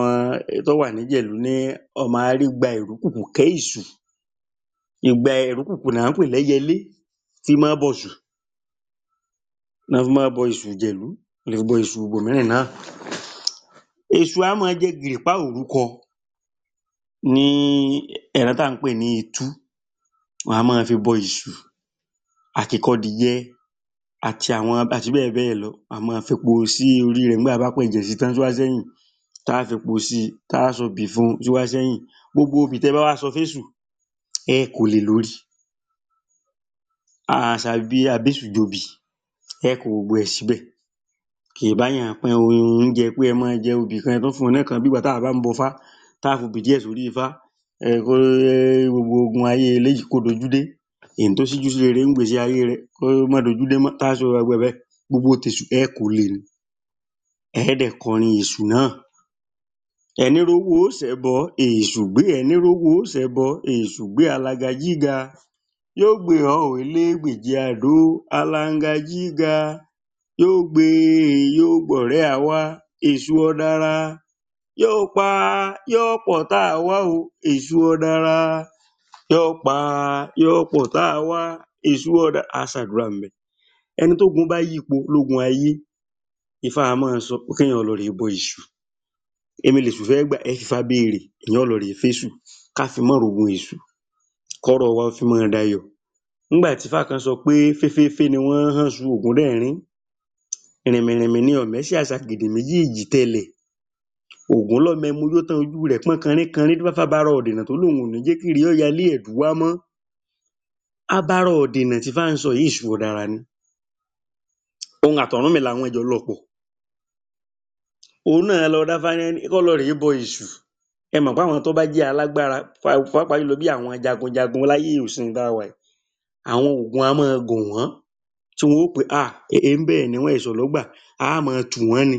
tó wà níjẹ̀lú ní ọmọ arígba ìrúkùkù ké ìsù ìgba ìrúkùkù là ń pè lẹ́yẹlé tí máa bọ ìsù ná fi máa bọ ìsù ìjẹ̀lú wọ́n lè fi bọ ìsù ibòmíràn náà. Èṣù á máa jẹ gìrìpá òrúkọ ní ẹran tá ǹ pè ní itú wọ́n á máa fi bọ ìsù àkìkọdìyẹ àti àwọn àti bẹ́ẹ̀ bẹ́ẹ̀ lọ a máa fepo sí orí rẹ̀ nígbà bá pẹ̀jẹ̀ si tán tó wá tá á fepo sí tá á ṣọbì fún un tó wá sẹ́yìn gbogbo obì tẹ́ ẹ bá wá sọ fÉṣù ẹ ó ko lé e lórí àṣàbí abéṣùjobì ẹ ó kó gbogbo ẹ̀ síbẹ̀ kì í báàyàn pín oúnjẹ pé ẹ máa jẹ obì kan ẹ tún fún un níkan bí ìgbà táwa bá ń bọfá tá a fobì díẹ̀ sórí ifá um gbogbo ogun ayé eléyìí kó dojú dé èyí tó síjú rere nínú ìgbésí ayé rẹ kó má dojúdé mọ́ táásọ wẹwẹwẹ gbogbo tèṣù ẹ ẹ́ kó lé ni ẹ ẹ́ dẹ̀ kọrin èṣù náà ẹní bọ èṣù gbé èṣù gbé gbé o elégbèje àdó alangajíga yó gbé e gbọ̀rẹ́ àwa èṣù ọ̀dàrà pa àwa o èṣù ọ̀dàrà yọ́ọ̀pá yọ́ọ̀pọ̀tá wá èṣù ọ̀dà á ṣàdúrà ńbẹ̀. Ẹni tógun bá yípo lógun ayé, Ifá a máa sọ pé kéèyàn lọ rèé bọ èṣù. Èmi lèṣù fẹ́ gbà, ẹ fìfá béèrè, èèyàn ó lọ rèé fèṣù ká fi má rogun èṣù, kọ́rọ̀ wa ó fi máa dayọ̀. Ńgbà tífá kan sọ pé féféfé ni wọ́n hánṣu ògúndẹ̀rín, rìnmìrìnmì ni ọ̀mẹ́sẹ̀ àṣàgèdè méjì ìjì tẹlẹ̀ ògúnlọmọ ẹmu yó tán ojú rẹ̀ pọ́n kanrínnkanrín báfá bá ra ọ̀dìnà tó lóun ò ní jẹ́ kíre ó yalé ẹ̀dù wá mọ́ abara ọ̀dìnà tífá ń sọ yìí èṣù ọ̀dàrà ni òun àtọ̀rúnmìlà wọn jọ lọ pọ̀ òun náà lọ dáfá ní kó lọ rèé bọ èṣù ẹ mọ̀ páwọn tó bá jẹ́ alágbára pàápàá jùlọ bí àwọn jagunjagun láyé òsín tá a wà yìí àwọn oògùn á máa gùn wọ́n tí wọn ó pè um e, e, bẹ́ẹ̀ ni wọ́n èṣù ló gbà á máa tù wọ́n ni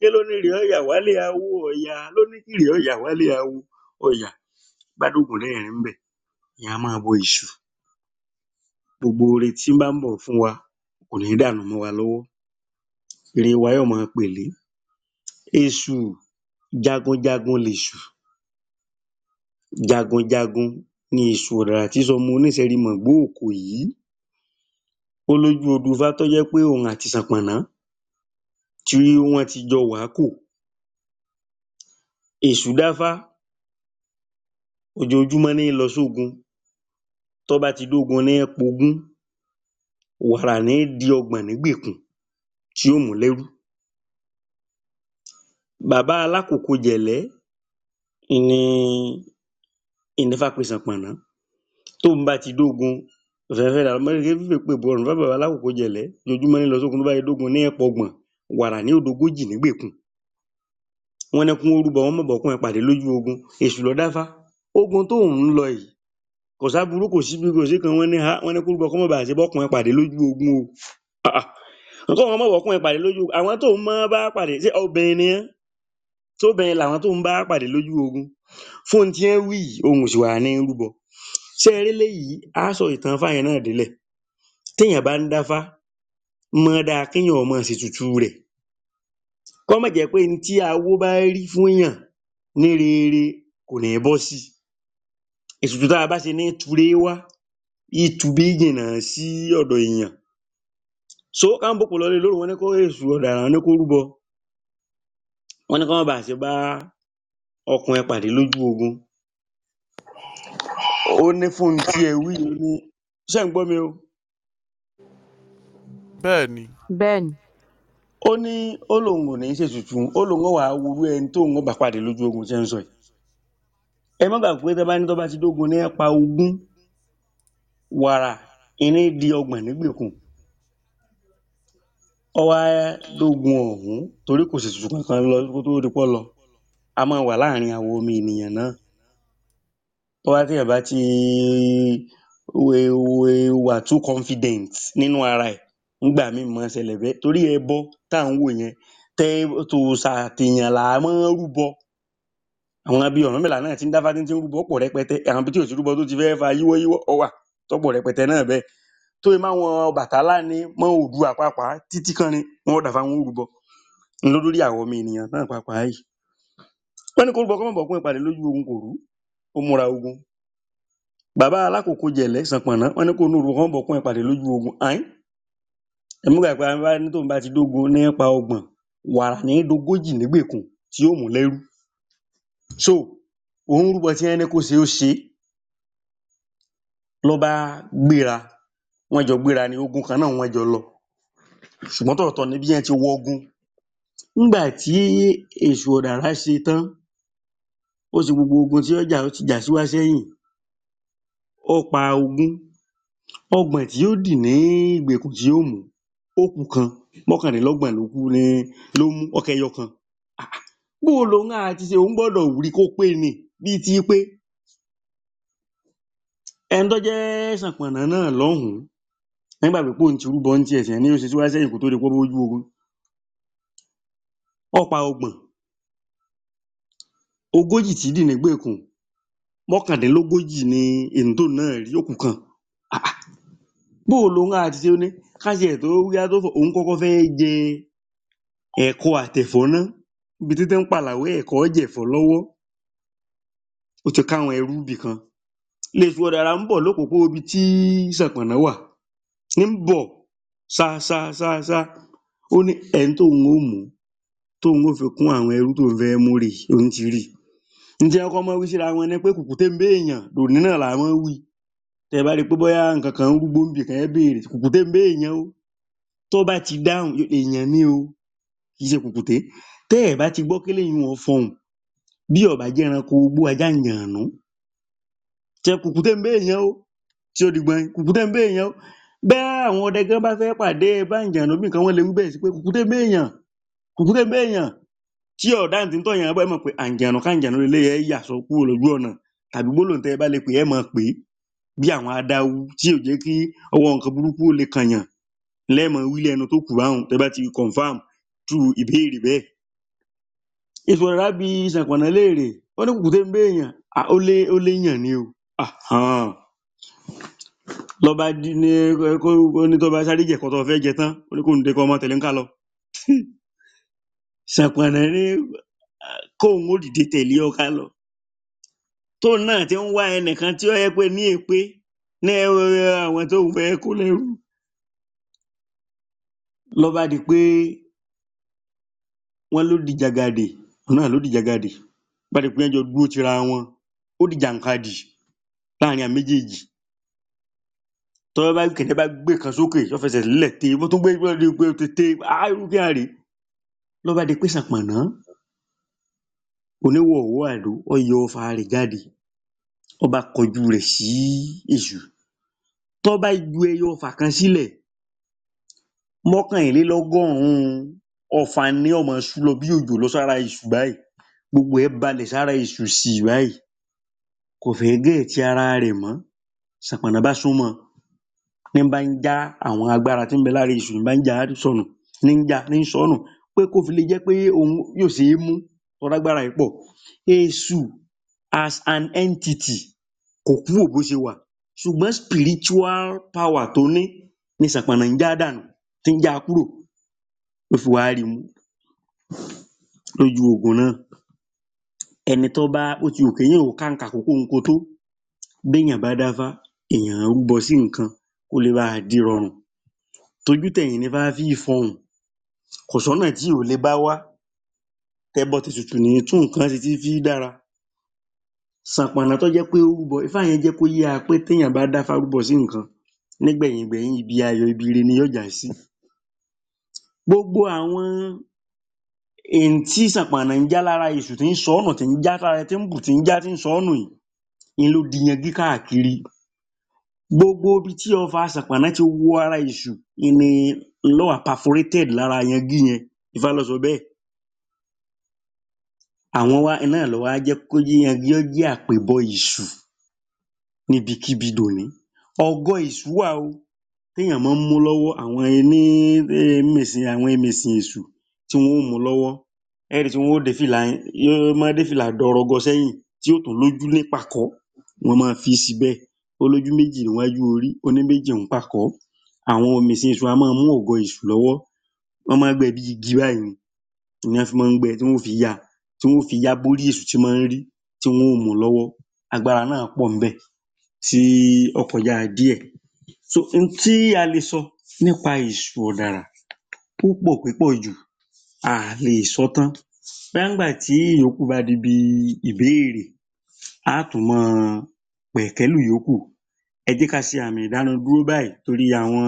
ǹke lónírèé ọ yà wálé awo ọ̀yà lóníkìrì ọ yà wálé awo ọ̀yà bá dógun dẹ́yìn ńbẹ̀ èèyàn á máa bọ èṣù gbogbo ore tí ń bá ń bọ̀ fún wa kò ní dànù mọ́ wa lọ́wọ́ ire wa yóò máa pèlé èṣù jagunjagun lèṣù jagunjagun ni èṣù ọ̀dàrà tí í ṣọmọ oníṣẹ̀rí mọ̀ǹgbò òkò yìí ó lójú odu tó jẹ́ pé òun àti ṣànpọ̀nná tí wọ́n ti jọ wàákò. Èṣù dáfá ojoojúmọ́ ní ń lọ sógun tó bá ti dógun ní ń pogún wàrà ní ń di ọgbọ̀n nígbèkùn tí ó mù ú lẹ́rú. Bàbá alákòókò jẹ̀lẹ́ ni ìní fápesànpọ̀nná tóun bá ti dógun ọ̀fẹ́fẹ́ làwọn ọmọdé kéékèèké ń pè bọrùn bàbá alákòókò jẹ̀lẹ́ ojoojúmọ́ ní lọ sógun tó bá ti dógun ní pọgbọ̀n wàrà ní òdógójì nígbèkùn wọ́n ní kí wọ́n rúbọ wọ́n má bọ́kùnrin pàdé lójú ogun èṣù ló dáfá ogun tó ń lọ yìí kò sáburú kò síbi kò sí kan wọ́n ní ha wọ́n ní kó rúbọ kó má bàa ṣe bọ́kùnrin pàdé lójú ogun o um nǹkan wọn má bọ́kùnrin pàdé lójú ogun àwọn tó ń mọ bá pàdé ṣé obìnrin ni wọ́n tóbìnrin làwọn tó ń bá pàdé lójú ogun fún ohun tí wí yìí sì wà ní rúbọ ṣé ẹ rí eléyìí ìtàn ifá náà délẹ̀ téèyàn bá ń dáfá mọ́ dáa kéèyàn ó máa ṣètùtù rẹ̀ kó má jẹ́ pé n tí awó bá rí fún yàn ní rere kò ní bọ́ sí i tá a bá ṣe ní turé wá í tubí jìnnà sí ọ̀dọ̀ èèyàn káńbọ̀kọ̀ lọlé lóru ní kó ní kó rúbọ n tí ẹ wí Bẹ́ẹ̀ni. Bẹ́ẹ̀ni. Ó ní ó lóun ò ní ṣètùtù, ó ẹni pàdé lójú ogun tí ń sọ yìí. Ẹ ní ti dógun ní pa ogún, wàrà ní di ọgbọ̀n nígbèkùn. Ó wá dógun ọ̀hún torí kò kankan lọ kó tó di pọ́ lọ. A máa wà ènìyàn náà. ńgbà míì ó máa ń ṣẹlẹ̀ bẹ́ẹ̀ torí ẹbọ tá à ń wò yẹn tòòṣà tèèyàn là á máa ń rúbọ àwọn bíi Ọ̀rúnmìlà náà ti ń dáfá tí ń rúbọ pọ̀ rẹpẹtẹ àwọn ibi tí ò ti rúbọ tó ti fẹ́ẹ́ fa yíwọ́yíwọ́ ó wà tó rẹpẹtẹ náà bẹ́ẹ̀ tó fi máwọn Ọbàtálá ni mọ́ Oòduà pàápàá títí kan ni wọn ó dáfá wọn ó rúbọ n ló dórí àwa ọmọ ènìyàn náà pàápàá yìí wọ́n ní kó rúbọ kó má bọ̀kún ìpàdé lójú ogun kò rú ó múra ogun bàbá alákòókò jẹ̀lẹ́ Ṣànpọ̀nná wọ́n ní kó rúbọ kó má ìpàdé lójú ogun àín Ẹ má gbàgbé pé tóun bá ti dógún nípa ọgbọ̀n, wàrà ní í dogójì nígbèkùn tí yóò mú lẹ́rú. So, òun ń rúbọ tí wọ́n ní kó ṣe, ó ṣe é. bá gbéra, wọ́n jọ gbéra ní ogun kan náà wọ́n jọ lọ. Ṣùgbọ́n ọ̀tọ̀ọ̀tọ̀ ni bí wọ́n ti wọgun. Ńgbà tí èṣù ọ̀dàrà ṣe tán, ó ṣe gbogbo ogun tí ó jà, ó ti jà síwá sẹ́yìn. Ó pa ogún. Ọgbọ̀n tí ó dì ní ìgbèkùn tí yóò mú okùn kan mọ́kànlélọ́gbọ̀n ló kú ní ló mú ọkọ̀ ẹyọ kan ah, ti ṣe òun gbọ́dọ̀ wí kó pé ní bíi ti pé ẹni tó jẹ́ náà lọ́hùn-ún wọ́n gbàgbé ti rúbọ ní tiẹ̀ ni ó ṣe síwájú kó ogun Ọ̀pá ọgbọ̀n ogójì tí mọ́kàndínlógójì ni náà rí ah, ah, ó kan ka tiẹ̀ tó bóyá tó fọ̀, òun kọ́kọ́ fẹ́ ibi tete àtẹ̀fọ́ ná níbi tí tán ń pàlàwé ẹ̀kọ́ jẹ̀fọ́ lọ́wọ́, ó ti káwọn kan. Iléeṣú ọ̀dàrà ń bọ̀ lóòpópó ibi tí Ṣànpọ̀nná wà, ń bọ̀ ṣá ṣá ṣá o ni ẹni tóun ó mú tóun ó fi kún àwọn ẹrú tóun fẹ́ mú rèé, òun ti rí N tẹ́ ẹ bá rí i pé bóyá nǹkan kan ń rúgbó níbìkan ẹ béèrè kùkùté ń béèyàn o tó bá ti dáhùn èèyàn ni o kì í ṣe kùkùté tẹ́ ẹ bá ti gbọ́ kéléyìí un fọhùn bí ó bá jẹ́ ẹranko igbó ajá yànànú tẹ kùkùté ń béèyàn o tí ó digbọnyin kùkùté ń béèyàn o bẹ́ẹ̀ àwọn ọdẹ gan bá fẹ́ pàdé báǹjànú níbìkan wọ́n lè wí bẹ́ẹ̀ sí pé kùkùté ń béèyàn kùkùté ń béèyàn tí ọ̀dà ti ń tọ̀yàn ẹ mọ̀ pé àǹjànú káǹjànú leléyìí ẹ yà sọ kúrò lójú ọ̀nà tàbí gbólóhùn tẹ́ ẹ bá le pè ẹ máa pè bí àwọn adáwú tí yóò jẹ́ kí ọwọ́ nǹkan burúkú ó lè kànyàn lẹ́ẹ̀mọ wílẹ̀ ẹnu tó kù báwọn tẹ́ bá ti confam through ìbéèrè bẹ́ẹ̀. Èṣù ọ̀rá bi léèrè ó ní kùkù tẹ́ ń béèyàn ó lé ó léyàn ni o ló bá ní ó ní tó bá sáré jẹ̀kọ tó fẹ́ jẹ tán ó ní kóun dìde kó máa tẹ̀lé ńkà lọ. Ṣànpọ̀nná ní kóun ó dìde tẹ̀lé ọ lọ tóun náà ti ń wá ẹnìkan tí ó yẹ pé ní èpè ní àwọn tóun fẹ́ kó lẹ́rú ló bá di pé wọ́n ló dìjàgàdì òun náà ló dìjàgàdì bá di pé wọ́n jọ dúró tira wọn ó di jàǹkadì láàrin àwọn méjèèjì tọ́wọ́ bá kẹ̀kẹ́ bá gbé kan sókè yọ fẹsẹ̀ lélẹ̀ té bó tún gbé gbé gbé té irú kí á rèé ló bá di pé ṣàpọ̀nná Oníwọ̀òwọ́ àìró, ó yọ ọfà rẹ̀ jáde, ó bá kọjú rẹ̀ sí Èṣù. Tó bá ju ẹyọ ọfà kan sílẹ̀, mọ́kànlélọ́gọ́rùn-ún ọfà ni yóò máa sú lọ bí òjò lọ sára Èṣù báyìí. Gbogbo ẹ̀ balẹ̀ sára Èṣù sì báyìí. Kò fẹ́ gẹ̀ẹ́tì ara rẹ̀ mọ́. Ṣànpọ̀nná bá súnmọ́ ní bá ń já àwọn agbára tí ń bẹ lára Èṣù, ní bá ń já sọnù, ní ń já ní ń sọ pé kó fi lè jẹ́ pé òun yóò ṣe é mú tó lágbára yìí pọ̀. Èṣù as an entity kò kúrò bó ṣe wà ṣùgbọ́n spiritual power tó ní ni Ṣànpọ̀nná ń já dànù, tí ń já kúrò ló fi wá ri mú lójú ogun náà. Ẹni tó bá, bó ti wù kéèyàn ò kàǹkà kó kóhunkó tó, béèyàn bá dáfá èèyàn rúbọ sí nǹkan kó le bá a dìrọ̀rùn. Tójútèyìn ni fá fífọhùn, kò sọ́nà tí ò le bá wá tẹbọtẹsùtù ní í tún nǹkan ṣe tí fí í dára ṣànpọ̀nná tó jẹ́ pé ó rúbọ ifá yẹn jẹ́ kó yé wa pé téèyàn bá dáfá rúbọ sí nǹkan nígbẹ̀yìngbẹ́yín ibi ayọ̀ ibi ire ni yóò já sí gbogbo àwọn n tí ṣànpọ̀nná ń já lára èṣù tí ń sọ ọ́ tí ń já lára tí ń bù tí ń já tí ń sọ ọ́ yìí n ló di yangi káàkiri gbogbo ibi tí ọfà ṣànpọ̀nná ti wọ ara èṣù ni ló perforated lára yangi yẹn ifá ló sọ bẹ́ẹ̀ àwọn náà ló wá jẹ́ kó jẹ́ àpèbọ èṣù níbikíbi dòní. Ọ̀gọ èṣù wà o téèyàn mọ́ ń mú lọ́wọ́ àwọn àwọn emèsìn èṣù tí wọn ó mú lọ́wọ́ ẹ ó ri tí wọn ó dé fìlà yóó má dé fìlà dọrọgọ sẹ́yìn tí yóò tún lójú ní pàkọ́ wọ́n máa fi sí bẹ́ẹ̀ ó lójú méjì níwájú orí ó ní méjì ní pàkọ́. Àwọn emèsìn èṣù a máa mú ọ̀gọ èṣù lọ́wọ́ wọ́n máa ń gbé igi báyìí ni ni wọ́n fi máa ń gbé tí wọ́n ó fi yá tí wọn ó fi yá bórí èṣù tí mọ́ ń rí tí wọn ó mu lọ́wọ́ agbára náà pọ̀ ńbẹ̀ tí ó kọjá díẹ̀ so n tí a lè sọ nípa èṣù ọ̀dàrà ó pọ̀ púpọ̀ jù a à lè sọ tán bóyá ńgbà tí ìyókù bá di bi ìbéèrè á tún máa pẹ̀kẹ́lù ìyókù ẹ jẹ́ ká ṣe àmì ìdánudúró báyìí torí àwọn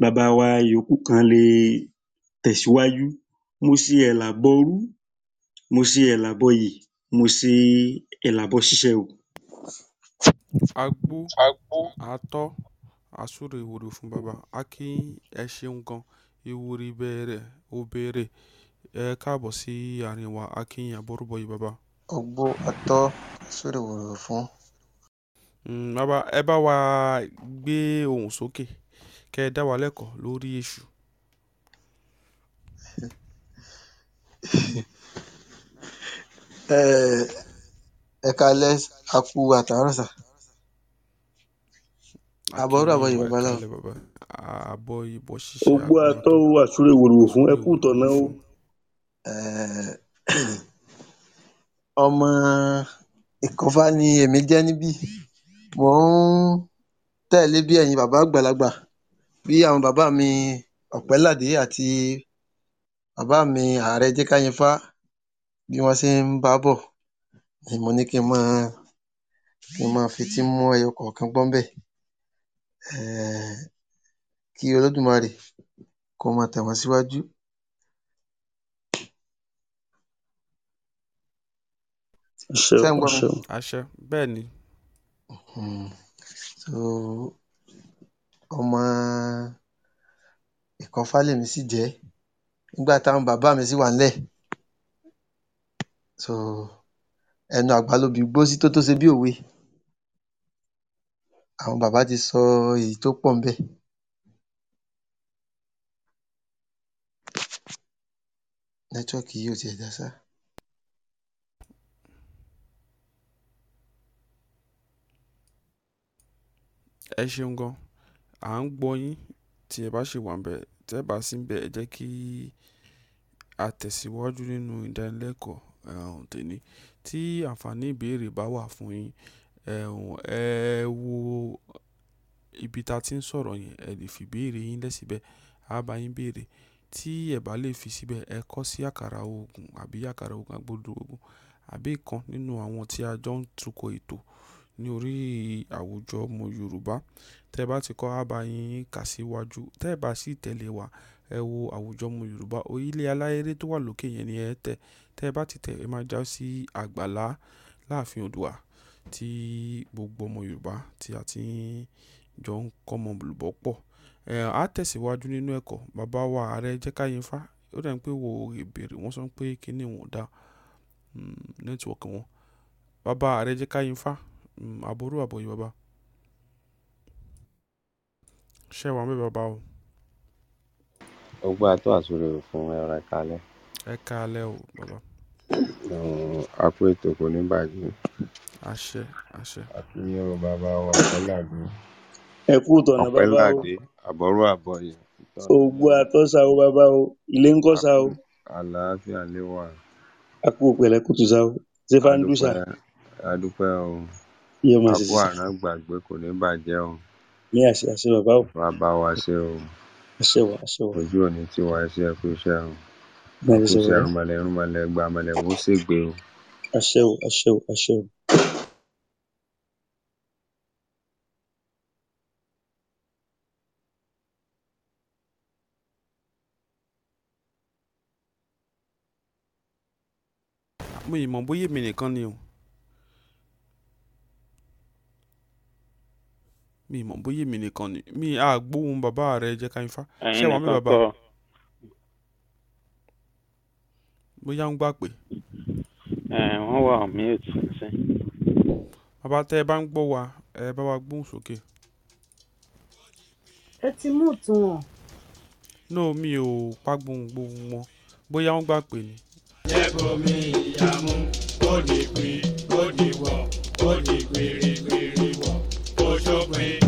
baba wa ìyókù kan lè tẹ̀síwájú mo ṣe ẹ̀làbọrú mo ṣe ẹ̀làbọ ìyì, mo ṣe ẹ̀làbọ ṣíṣẹ́ o. Agbó, atọ́, asúre ìwòrè fún baba. A kí yín, ẹ ṣeun gan. Ìwòrè ìbẹ̀rẹ̀, ò bẹ̀rẹ̀. Ẹ káàbọ̀ sí àárín wa. A kí yín, baba. Ogbó, atọ́, asúre ìwòrè fún. Hmm, baba, ẹ bá wa gbé ohùn sókè kí ẹ dá wa lẹ́kọ̀ọ́ lórí èṣù. um ẹ káalẹ́ a kú àtàárọ̀ sà àbọ̀ rú àbọ̀ yorùbá la o. àbọ̀ ìbọ̀ ṣíṣe. ogún atọ́ o àsúré wòlùwò fún ẹ kú tọ̀nà o. ọmọ ìkọ́fà ni èmi jẹ́ níbí mò ń tẹ̀lé bí ẹ̀yin bàbá àgbàlagbà bí àwọn bàbá mi ọ̀pẹ́ládé àti bàbá mi ààrẹ jékáyéfá bí wọ́n ṣe ń bá bọ̀ ni mo ní kí n máa kí n máa fetí mú ẹyọ kọ̀ọ̀kan gbọ́ ńbẹ̀ um eh, kí Olódùmarè kó máa tẹ̀ wọ́n síwájú ṣé ẹ̀ ń gbọ́ mi? Hmm, ọmọ Ìkọ́fá lèmi sì jẹ́ nígbà táwọn bàbá mi ṣì wà ńlẹ̀ so ẹnu àgbà lobì gbó sí tó tó ṣe bí òwe àwọn bàbá ti sọ èyí tó pọ̀ ńbẹ̀ nẹ́tíwọ́ọ̀kì yìí ò tiẹ̀ dá ṣá ẹ ṣeun gan à ń gbọ́ yín tí ẹ bá ṣì wà ńbẹ̀ tẹ́ ẹ bá sí um tèní. Tí àǹfààní ìbéèrè bá wà fún yín, um ẹ wo ibi ta tí ń sọ̀rọ̀ yẹn, ẹ lè fi ìbéèrè yín lẹ́ síbẹ̀, a bá yín béèrè. Tí ẹ bá lè fi síbẹ̀, ẹ kọ sí àkàrà òògùn àbí àkàrà òògùn àgbòdo òògùn àbí ìkan nínú àwọn tí a jọ ń tukọ̀ ètò ní orí àwùjọ ọmọ Yorùbá. Tẹ bá ti kọ, a kà síwájú. Tẹ bá sì tẹ̀lé wa, ẹ wo àwùjọ ọmọ Yorùbá. Orí ilé tó wà lókè yẹn ni ẹ tẹ̀. Tẹ́ ẹ bá ti tẹ̀, ẹ máa já sí àgbàlá láàfin Oòduà tí gbogbo ọmọ Yorùbá tí a ti ń jọ ń kọ́mọ lùbọ́ pọ̀. Ẹ̀ á tẹ̀síwájú nínú ẹ̀kọ́. Bàbá wa Ààrẹ Jẹ́káyéfà, ó dà pé wo ìbéèrè wọ́n sọ pé kí ni òun dá, hmm, network wọn. Bàbá Ààrẹ Jẹ́káyéfà, hmm, àbọrú àbọyè bàbá. Ṣé wà ń bẹ bàbá o? Ogbó atọ́ àsúre ò fún ẹ, ọ̀rẹ́ kalẹ́ Ẹ káalẹ́ o, bàbá. Àwọn akú ètò kò ní bàjẹ́. Àṣẹ, àṣẹ. Àti yín o bàbá wa Ọ̀pẹ́ládé. Ẹ kú ìtọ̀nà bàbá o. Ọ̀pẹ́ládé, àbọ̀rú àbọ̀yẹ̀. Ogun àtọ́sà o bàbá o, ilé ń kọ́sà o. Àlàáfíà lé wà. A kú pẹ̀lẹ́ kùtù sá o. Ṣé fáńdù sá? Adúpẹ́ o. Iye àná gbàgbé kò ní bàjẹ́ o. Ní àṣẹ àṣẹ bàbá o. Bàbá wa ṣe o. Àṣẹ wa, àṣẹ wa. Ojú òní tiwa iṣẹ́ kú iṣẹ́ o kò sí àrùnmalẹ irúnmalẹ gbàmalẹ wọn ò ṣègbè o àṣẹ e. o àṣẹ o àṣẹ o mo yìí mọ̀ bóyá èmi nìkan ni o mi mọ̀ bóyá èmi nìkan ni mi àgbóhun bàbá rẹ̀ jẹ́ ká ifá ṣé wàá mi bàbá. bóyá ń gbà pé. wọ́n wà mí ètò ṣe. bàbá tẹ́ ẹ bá ń gbọ́ wa ẹ bá wa gbóhùn sókè. ẹ ti mú ìtún wọn. no mi ò pa gbohùngbohùn wọn bóyá wọ́n gbà pé ni. jẹ́ kó mi ìyá mú kó dìgbì kó dìwọ̀ kó dìgbì rìgbì rìwọ̀ kó ṣópin.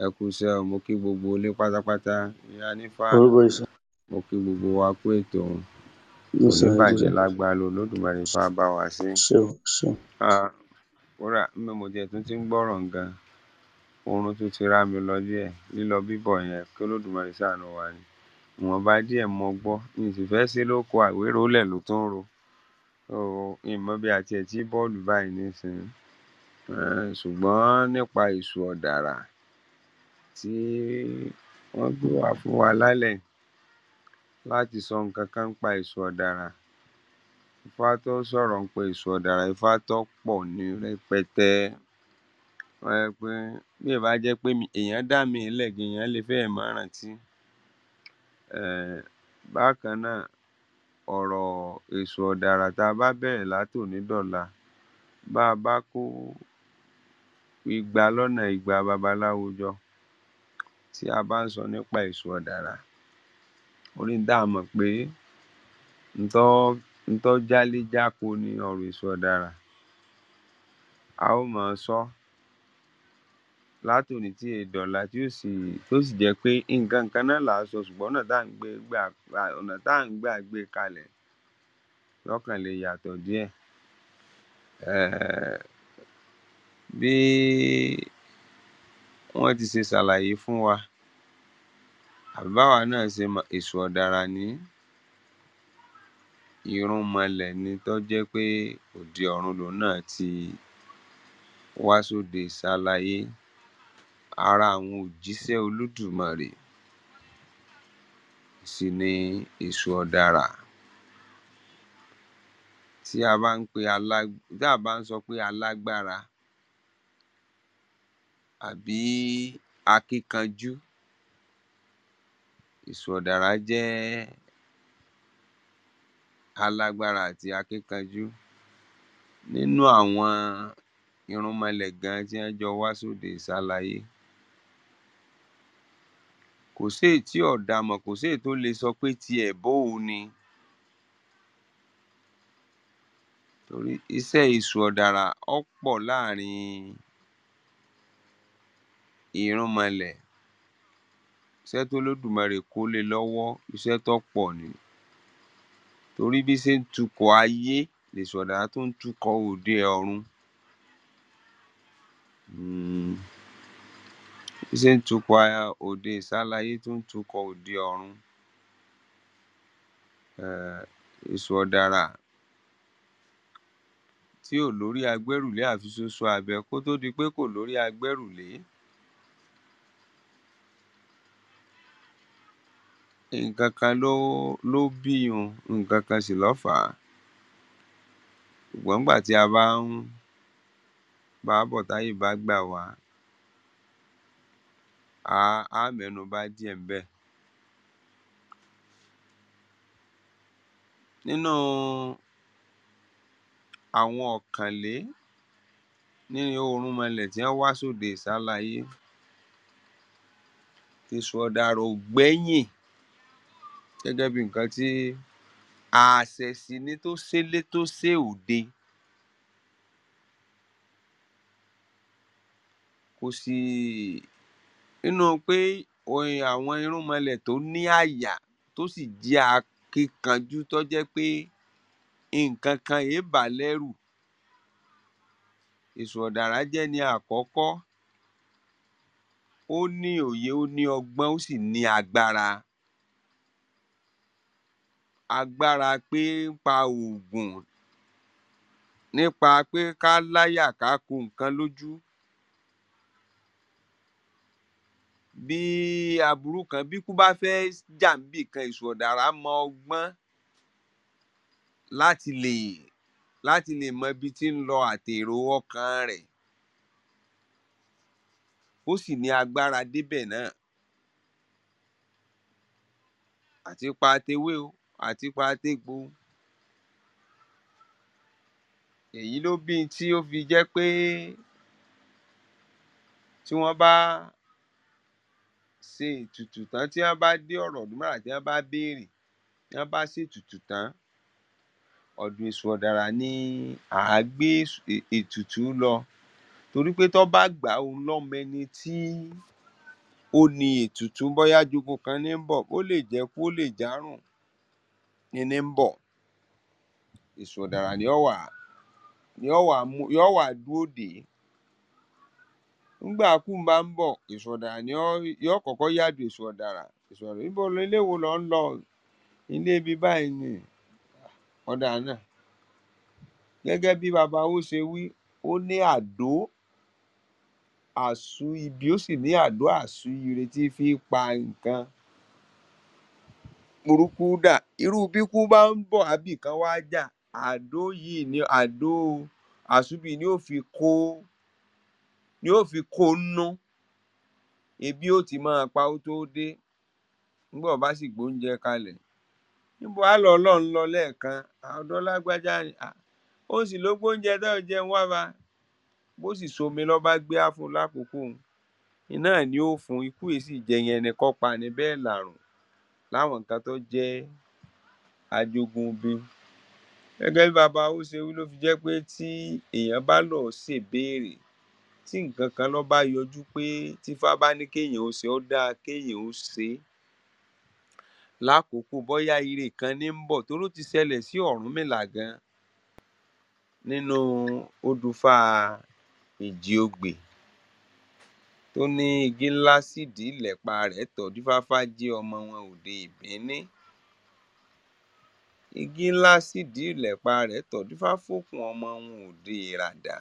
ẹ kú iṣẹ́ o, mo kí gbogbo ilé pátápátá, ìyá nífà, mo kí gbogbo wa kú ètò o, kò ní bàjẹ́ lágbára Olódùmarè, ifá á bá wa ṣe é. um kódà ńgbà mo tiẹ̀ tún ti ń gbọ́rọ̀ gan oorun tún ti rá mi lọ díẹ̀, lílọ bíbọ̀ yẹn k'Olódùmarè ṣàánú wa ni, ìwọ̀nba díẹ̀ mo gbọ́, n sì fẹ́ ṣe é lóko àwérólẹ̀ ló tún ń ro, um n bí a tiẹ̀ tí bọ́ọ̀lù báyìí nísìnyí ṣùgbọ́n nípa èṣù ọ̀dàrà tí wọ́n gbé wá fún láti sọ nǹkan kan nípa èso ọ̀dàrà. Ifá tó sọ̀rọ̀ nípa èso ọ̀dàrà, ifá tó pọ̀ ní rẹpẹtẹ tó pé bí bá jẹ́ pé èèyàn dá mi lẹ̀ gan, èèyàn le fẹ́ẹ̀ Bákan náà, ọ̀rọ̀ èso bá bẹ̀rẹ̀ látòní dọ̀la, bá bá kó igba lọ́nà igba babaláwo tí a bá ń sọ nípa èso ọ̀dàrà, orí ohun pé ohun tó ohun tó jálé jáko ni ọ̀rọ̀ èso ọ̀dàrà, a ó mọ̀ máa sọ́ látòní tí è dọ̀la tí ó sì tó sì jẹ́ pé nǹkan kan náà là á sọ ṣùgbọ́n ọ̀nà tá à ń gbé gbà kalẹ̀ yóó kàn yàtọ̀ díẹ̀ bí wọ́n ti ṣe ṣàlàyé fún wa àbí báwa náà ṣe mọ, èṣù ọ̀dàrà ní í, irúnmọlẹ̀ ni tó jẹ́ pé òde ọ̀run lòun náà ti wá sóde ìṣàlàyé ara àwọn òjíṣẹ́ Olódùmarè sì ni èṣù ọ̀dàrà. Tí a bá ń pe alá, tá à bá ń sọ pé alágbára àbí akíkanjú. Èṣù ọ̀dàrà jẹ́ alágbára àti akíkanjú. Nínú àwọn irúnmọlẹ̀ gan tí wọ́n jọ wá sóde ìsálayé, kò séyìí tí ò damọ̀, kò séyìí tó le sọ pé tiẹ̀ bóun ni torí iṣẹ́ èṣù ọ̀dàrà ó pọ̀ láàrin ìrúnmalẹ̀ iṣẹ́ tÓlódùmarè kó lé e lọ́wọ́ iṣẹ́ tó pọ̀ ni torí bí ṣe ń tukọ̀ ayé lèṣọ̀dá tún ń tukọ̀ òde ọ̀run um bí ṣe ń tukọ̀ òde ìsálayé tún ń tukọ̀ òde ọ̀run um èṣù ọ̀dàrà tí ò lórí agbẹ́rùlé àfi ṣoṣo abẹ kó tó di pé kò lórí agbẹ́rùlé nǹkan kan ló ló bí i un nǹkan kan sì ló fà á ṣùgbọ́n nígbà tí a bá ń bá a bọ̀ táyè bá gbà wá á á mẹ́nu bà díẹ̀ ńbẹ̀. Nínú àwọn ọ̀kànlé nínú orúnmọlẹ̀ tí wọ́n wá sóde ìsálàyé, Tèṣù Ọ̀dàrà ò gbẹ́yìn gẹ́gẹ́ bí nǹkan tí àṣẹ̀sì ni tó ṣélé tó ṣe òde kò sì nínú pé àwọn irúnmọlẹ̀ tó ní àyà tó sì jẹ́ akíkanjú tó jẹ́ pé nǹkan kan èé bà lẹ́rù Èṣù Ọ̀dàrà jẹ́ ẹni àkọ́kọ́ ó ní òye ó ní ọgbọ́n ó sì ní agbára agbára pé pa oògùn nípa pé ká láyà ká ko nǹkan lójú bí aburú kan bí ikú bá fẹ́ jà níbì kan èṣù ọ̀dàrà mọ ọgbọ́n láti lè láti lè mọ ibi tí ń lọ àtèrò ọkàn rẹ̀ ó sì ní agbára débẹ̀ náà àtipa tewé o àtipa tépo èyí ló bí i tí ó fi jẹ́ pé tí wọ́n bá ṣe ètùtù tán tí wọ́n bá dé ọ̀rọ̀ Ọ̀dúnmọ̀rà tí wọ́n bá béèrè tí wọ́n bá ṣètùtù tán ọ̀dọ̀ Èṣù Ọ̀dàrà ni à á gbé ètùtù lọ torí pé tọ́ bá gbà á òun ẹni tí ó ni ètùtù bóyá jogun kan ní ń ó lè jẹ́ ikú lè jẹ́ nínú ń bọ̀ ni wà ni ó wà mú bá ń bọ̀ ìṣòdàrà ni wo lọ ilé ibi báyìí ni náà gẹ́gẹ́ bí baba ṣe wí o ní àdó àsú ibi o si ní àdó àsú fi pa burúkú dà irú bíkú bá ń bọ abíìkan wàá já àdó yìí ni ni fi ni fi kó nú ebi ó ti máa pa ó tó dé nígbà bá sì gbóúnjẹ kalẹ̀ níbo á lọ Ọlọ́run lọ lẹ́ẹ̀kan ọ̀dọ̀ lágbájá ni ó sì ló gbóúnjẹ tó jẹ ń wá ba bó sì somi lọ bá gbé á lákòókò ni ó fún ikú yìí sì pa bẹ́ẹ̀ àjogúnbí gẹ́gẹ́ bí baba ó ṣe wí ló fi jẹ́ pé tí èèyàn bá lọ ṣèbéèrè tí nǹkan kan lọ bá yọjú pé tífá bá ní kéèyàn ó ṣe ó dáa kéèyàn ó ṣe é lákòókò bóyá ire kan ní ń bọ̀ torí ti ṣẹlẹ̀ sí Ọ̀rúnmìlà gan nínú Odùfà Èjìogbè tó ní igi ńlá sídìí ilẹ̀pa rẹ̀ tọ̀ jẹ́ ọmọ wọn òde ìbíní igi ńlá sídìí ìlẹ̀pa rẹ̀ tọ̀dífá fókùn ọmọ wọn ò de ìràdà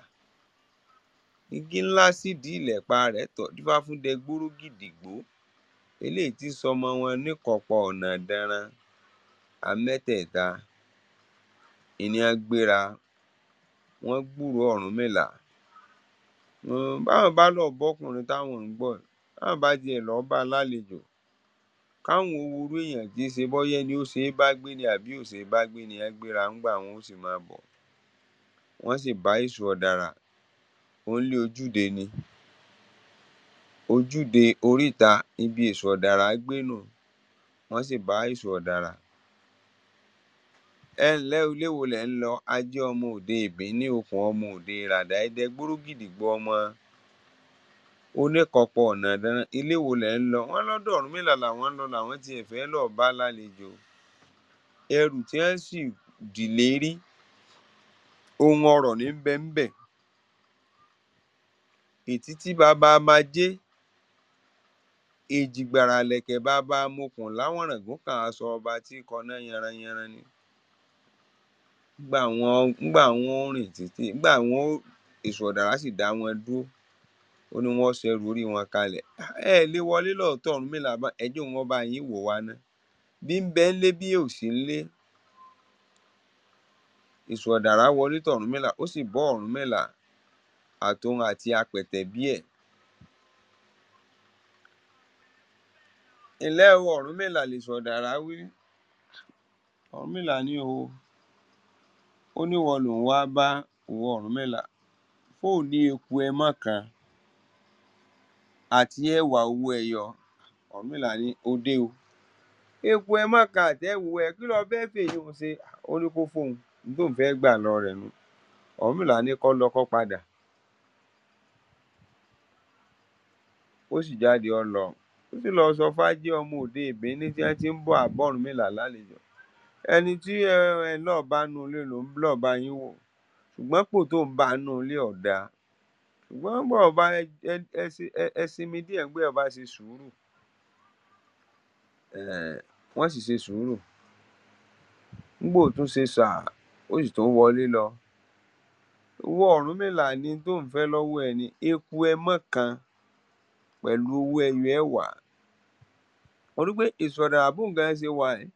igi ńlá sídìí ìlẹ̀pa rẹ̀ tọ̀dífá fún Dẹgbóró Gìdìgbò eléyìí tí ń sọmọ wọn níkọ̀pọ̀ Ọ̀nàdanran. Àwọn mẹ́tẹ̀ẹ̀ta ènìyàn gbéra wọ́n gbúròó Ọ̀rúnmìlà um báwọn bá lọ́ọ́ bọ́kùnrin táwọn ń gbọ́ yìí, báwọn bá tiẹ̀ lọ́ọ́ bá lálejò káwọn wo èèyàn t'i ṣe bóyá ni ó ṣeé bá gbé ni àbí ò ṣeé bá gbé ni ìyẹn gbéra ńgbà wọn ó sì máa bọ wọn sì bá èṣù ọdarà òǹlé ojúde ni ojúde oríta ibi èṣù ọdarà gbé nù wọn sì bá èṣù ọdarà ẹ ǹlẹ o ilé lẹ ń lọ a ọmọ òde ìbíní okùn ọmọ òde ràdà ẹdẹ gbòrògidígbò ọmọ ó lékọpọ ọnààdán ilé wo lẹ ń lọ wọn lọdọ ọrúnmìlà làwọn ń lọ làwọn tiẹ fẹẹ lọọ bá lálejò ẹrù tí wọn sì dì lérí ohun ọrọ ní bẹ ńbẹ ètìtì bàbá májè èjìgbàrà lẹkẹ bàbá amọkùn láwọnrìngún kan aṣọ ọba tí kọná yanranyanran ni ngbà wọn ngbà wọn ò rìn títì ngbà wọn ò èso ọdàrá sì dá wọn dúró ó ní wọn sọ wọn kalẹ̀ ẹ lè wọlé lóòótọ́ Ọ̀rúnmìlà ẹjọ́ wọn bá yín wò wá ná bí ń bẹ bí ò sí ńlé lé Ọ̀dàrà wọlé tọ̀ ó sì bọ́ Ọ̀rúnmìlà àtòun àti apẹ̀tẹ̀bí ẹ̀ o o ó ní wá bá eku ẹ àti ẹwà owó ẹyọ ọ̀rúnmìlà ni ó o epo ẹ má ka àtẹ́wò ẹ kí ló fẹ́ fèyún ṣe ó ní kó fóun gbà lọ rẹ nu ọ̀rúnmìlà ní lọ padà ó sì jáde lọ ó sì lọ sọ fájí ọmọ òde ìbíní tí wọn ti ń bọ lálejò ẹni tí ẹ bá nu ilé ló ń bá yín wò pò tó ṣùgbọn bẹ ò bá ẹ sinmi díẹ bẹ ò bá ṣe sùúrù um wọn sì ṣe sùúrù nígbà ó tún ṣe sáà ó sì tún wọlé lọ ìwọ ọrúnmìlà ní n tó ń fẹ lọwọ ẹ ní eku ẹmọ kan pẹlú owó ẹyọ ẹwàá mo rí pé ìsọdàrà bóun gan ṣe wà ẹ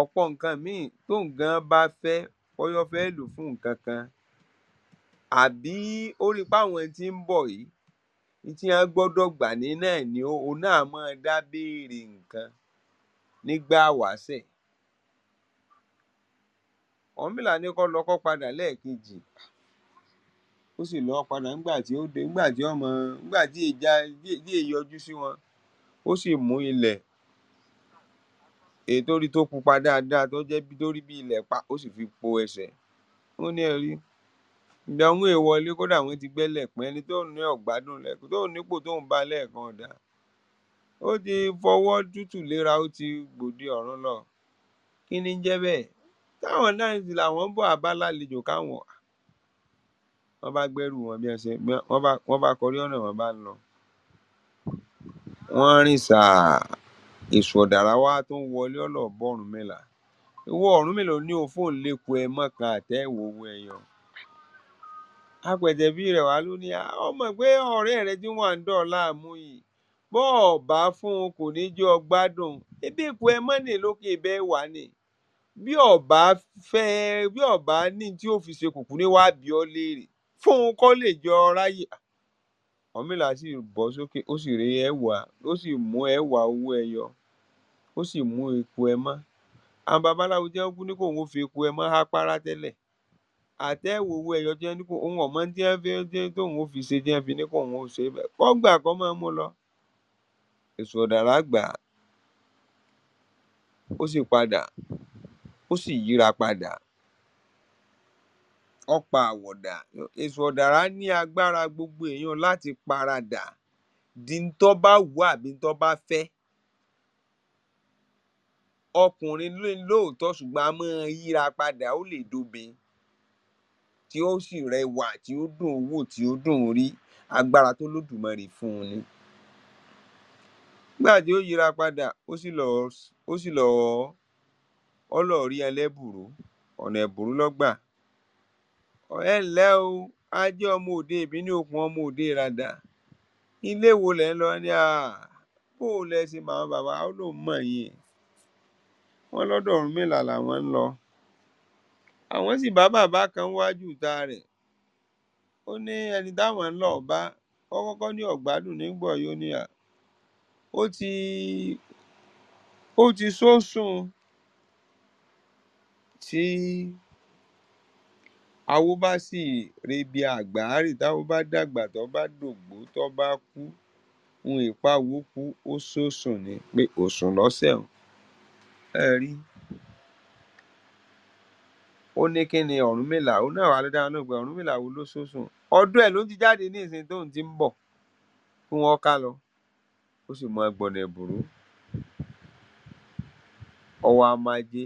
ọpọ nǹkan míín tóun gan bá fẹ bóyá ó fẹ lò fún nǹkan kan àbí ó rí i àwọn tí ń bọ̀ yìí ní tí wọ́n gbọ́dọ̀ gbà ní náà ni òun náà máa dá béèrè nǹkan nígbà wáṣẹ̀ ọ̀rúnmìlà ni kọ́ lọ́kọ́ padà lẹ́ẹ̀kejì ó sì lọ padà nígbà tí ó dé nígbà tí ọmọ nígbà tí èjà díè yọjú sí wọn ó sì mú ilẹ̀ èyí tó rí tó pupa dáadáa tó jẹ́ tó rí bí ilẹ̀ pa ó sì fi po ẹsẹ̀ ó ní ẹ ìdààmú ẹ wọlé kódà wọn ti gbẹlẹpọn ẹni tóun náà ò gbádùn lẹkọọ tóun nípò tóun bá lẹẹkan ọdà ó ti fọwọ tútù léra ó ti gbòde ọrun lọ kí ni ń jẹ bẹẹ táwọn náà sì làwọn bọ abálálejò káwọn wọn bá gbẹrù wọn bí wọn ṣe wọn bá kọrí ọnà wọn bá ń lọ wọn rìn sàá èṣù ọ̀dàrà wa tó ń wọlé ọlọ bọrùn mìlà ìwọ Ọ̀rúnmìlà ò ní òfóun lẹkọọ ẹ mọkàn àtẹ ìwòwò àpẹ̀tẹ̀bí rẹ̀ wá ló ní ọmọ pé ọ̀rẹ́ rẹ tí wọ́n ń dọ̀ọ́lá mú yìí bọ́ ọ̀ bá fún un kò ní jọ gbádùn ebi ìkú ẹ mọ́nì lókè bẹ́ẹ̀ wà ní bí ọba fẹ́ bí ọba ní tí ó fi ṣe kùkú ní wàá bí ọ léèrè fún un kọ́ lè jọ ráyè ọmọlá sì bọ́ sókè ó sì rí ẹ̀wà ó sì mú ẹ̀wà owó ẹyọ ó sì mú eku ẹ mọ́ àwọn babaláwo jẹ́ kú ní kóun ó fi eku ẹ mọ́ apárá tẹ́lẹ̀ àtẹ́wò owó ẹyọ tí wọ́n ní kó òun ọ̀mọ́ tí wọ́n fi tí tóun ó fi ṣe tí wọ́n fi ní kó òun ó ṣe bẹ́ẹ̀ kọ́ gbà kọ́ máa mú lọ èṣù ọ̀dàrà gbà á ó sì padà ó sì yíra padà ó àwọ̀dà èṣù ọ̀dàrà ní agbára gbogbo èèyàn láti paradà di ń tọ́ bá wù àbí ń tọ́ bá fẹ́ ọkùnrin lóòótọ́ ṣùgbọ́n a máa yíra padà ó lè dobin tí ó sì rẹwà tí ó dùn ún wò tí ó dùn ún rí agbára tólódùmarè fún un ni nígbà tí ó yíra padà ó sì lọ ó ọ lọ rí ẹlẹbùrú ọnà ẹbùrú ló gbà ẹ o a jẹ ọmọ òde èmi ní okùn ọmọ òde ìradà ilé wo lẹ ń lọ ní à bó o lẹ ṣe màmá bàbá ó lóun mọ yín wọn lọdọ ọ̀rúnmìlà làwọn ń lọ àwọn sì bá bàbá kan níwájú ìta rẹ ó ní ẹni táwọn ń lọọ bá ó kọkọ ní ọgbádùn nígbọ yóò ní à ó ti ó ti sósùn tí awo bá sì rebi àgbáàrì táwo bá dàgbà tó bá dògbó tó bá kú ohun ìpawó kú ó sósùn ni pé òsùn lọsẹ ẹ rí i ó ní kín ní ọ̀rúnmìlà òun náà wà ló dáhùn náà pé ọ̀rúnmìlà wo ló sọ̀sùn ọdún ẹ̀ ló ti jáde ní ìsìn tóun ti ń bọ̀ kí wọ́n ká lọ ó sì mọ ẹgbọ̀nà ẹ̀bùrú ọwọ́ amájé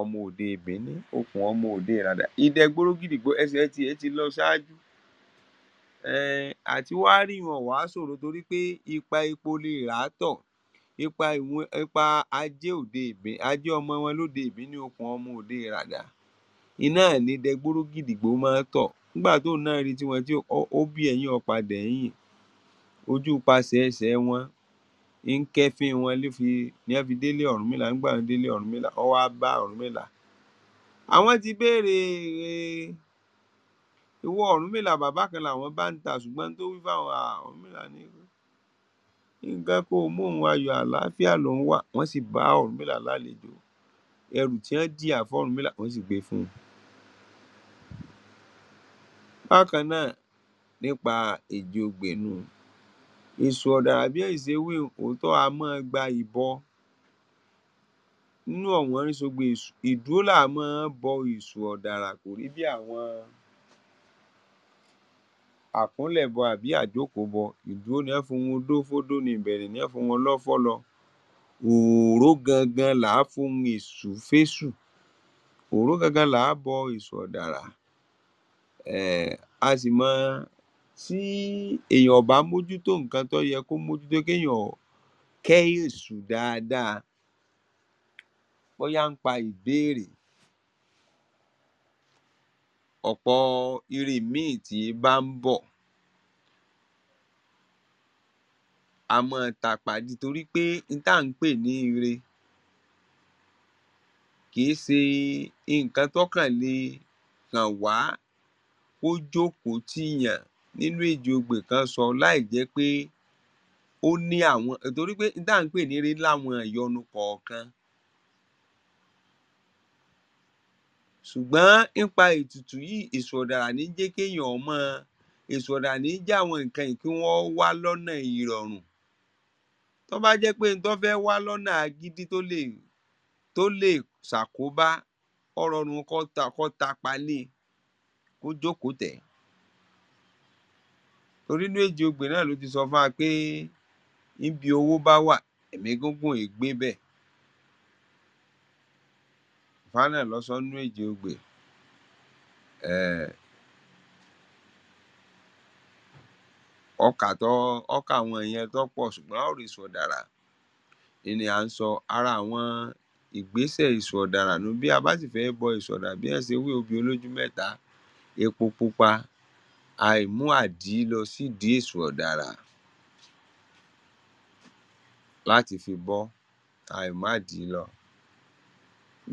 ọmọ òde Benin okùn ọmọ òde ìràdà idẹ gbóró gidigbo ẹsẹ̀ ẹ ti ẹ ti lọ ṣáájú àti wá rí wọn wàá ṣòro torí pé ipa epo lè rà á tọ̀ ipa ajé òde ìbín ajé ọmọ wọn lóde ìbín okùn ọmọ òde ìràdà iná ní dẹgbórógìdìgbò máa tọ nígbà tóun náà rí tiwọn tí ó bí ẹyìn ọ̀padà ẹ̀yìn ojú pasẹ̀ ẹsẹ̀ wọn ń kẹ́fín wọn ló fi ní wọn fi délé Ọ̀rúnmìlà nígbà wọn délé Ọ̀rúnmìlà wọn wá bá Ọ̀rúnmìlà àwọn ti béèrè ìwọ Ọ̀rúnmìlà bàbá kan làwọn bá ń ta ṣùgbọ́n ohun tó wí fáwọn Ọ̀rúnmìlà ni nǹkan kan ò mú òun ayọ̀ àlàáfíà lòun wà wọn sì bá Ọ̀rúnmìlà lálejò ẹrù tí wọn jìyà fún Ọ̀rúnmìlà wọn sì gbé fún un bákan náà nípa èjì ogbè nùún èṣù ọ̀dàràbíàṣírí òótọ́ a máa gba ìbọ nínú ọ̀wọ́nrínsógbe èṣù ìdúró là á máa bọ èṣù ọ̀dàrà kò rí bí àwọn àkúnlẹ̀bọ àbí àjókòóbọ ìdúró ni wọ́n fohun dó fódó ni ìbẹ̀rẹ̀ ni wọ́n fohun ọlọ́fọ́ lọ Òòró gangan là á fohùn èṣù fésù, òòró gangan là á bọ èṣù ọ̀dàrà um a sì mọ tí èèyàn ò mójútó nǹkan tó yẹ kó mójútó kéèyàn kẹ́ èṣù dáadáa bóyá nípa ìbéèrè, ọ̀pọ̀ ire míì tí bá ń bọ̀ a máa tàpá torí pé n tá à ń pè ní ire kì ṣe nǹkan tó kàn lè kàn wá kó jókòó tìyàn nínú èjìogbè kan sọ láì jẹ́ pé ó ní àwọn torí pé n tá à pè ní ire láwọn ìyọnu kọ̀ọ̀kan ṣùgbọ́n nípa ètùtù yìí èṣù ọ̀dàrà ní jẹ́ kéèyàn máa èṣù ọ̀dàrà ní jẹ́ àwọn nǹkan yìí kí wọ́n wá lọ́nà ìrọ̀rùn tó bá jẹ́ pé nǹkan fẹ́ wá lọ́nà gidi tó lè tó lè ṣàkóbá ọ̀rọ̀ kọ tapa lé e kó jókòó tẹ̀ torí inú èjì ogbè náà ló ti sọ fún wa pé níbi owó bá wà ẹ̀mí gígùn èé gbé bẹ́ẹ̀ Ifá náà nínú èjì ogbè ọkà tó ọkà àwọn yẹn tó pọ̀ ṣùgbọ́n a ó rí ìsọdàrà ni à ń sọ ara àwọn ìgbésẹ̀ ìsọdàrà nù bí a bá sì fẹ́ bọ ìsọdà bí wọ́n ṣe wí obì olójú mẹ́ta epo pupa àìmú àdí lọ sídìí èṣù ọ̀dàrà láti fi bọ àìmú àdí lọ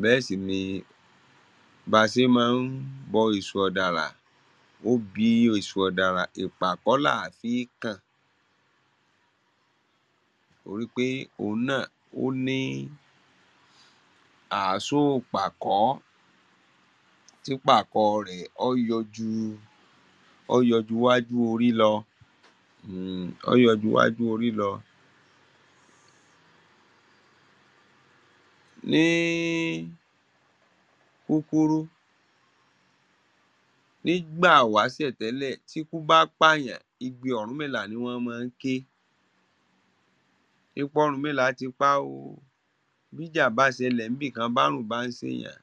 bẹ́ẹ̀ sì ni bá a ṣe máa ń bọ èṣù ọ̀dàrà Obì èṣù ọ̀dàrà ẹ̀pà kọ́ là á fi kàn torí pé òun náà ó ní àásó pàkọ́ tí pàkọ́ rẹ̀ ọ́ yọ ju ọ́ yọ ju iwájú orí lọ ọ́ yọ ju orí lọ. Ní kúkúrú nígbà ìwáṣẹ tẹlẹ tíkú bá pààyàn igbe ọ̀rúnmìlà ni wọn máa ń ké ipò ọ̀rúnmìlà ti pa o bíjà bá ṣẹlẹ̀ níbì kan bárùn bá ń ṣèyàn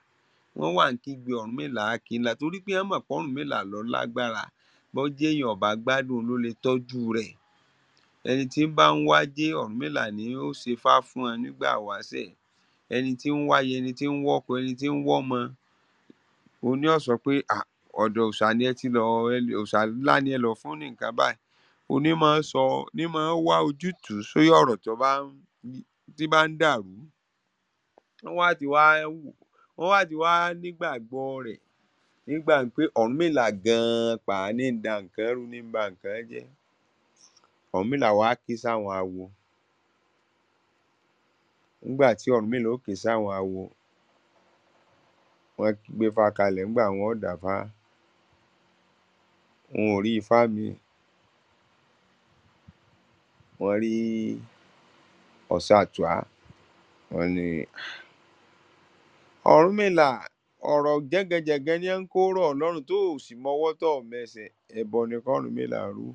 wọ́n wà ń kígbe ọ̀rúnmìlà akinla torí pé wọ́n mọ̀ pé ọ̀rúnmìlà ló lágbára bó jẹ́ èèyàn ọ̀bá gbádùn ló lè tọ́jú rẹ̀ ẹni tí ń bá ń wájé ọ̀rúnmìlà ni ó ṣe fá fún wọn nígbà ìwáṣẹ ẹni tí ń wáyé ẹni tí ń wọ́kọ ẹni tí ń wọ́mọ òun ni pé um ọ̀dọ̀ òòṣà ni ẹ ti lọ òòṣà ńlá ni ẹ lọ fún ní nǹkan báyìí òun ní máa ń sọ ní máa ń wá ojútùú sórí ọ̀rọ̀ tó bá ń tí bá ń dàrú wọ́n wá ti wá wọ́n wá ti wá nígbàgbọ́ rẹ̀ nígbà pé Ọ̀rúnmìlà gan-an pàá ní nǹkan rú ní ń nǹkan jẹ́ Ọ̀rúnmìlà wá ké sáwọn awo nígbà tí Ọ̀rúnmìlà ó ké sáwọn awo wọ́n gbéfá kalẹ̀ nígbà wọn ó dáfá n ò rí ifá mi, wọ́n rí ọ̀sàtúá, wọ́n ní um ọ̀rúnmìlà ọ̀rọ̀ jẹgẹjẹgẹ̀ ni í kó rọ̀ lọ́rùn tó o sì mọwọ́ tó ò mẹsẹ̀, ẹbọ ni kọ́rúnmìlà rú.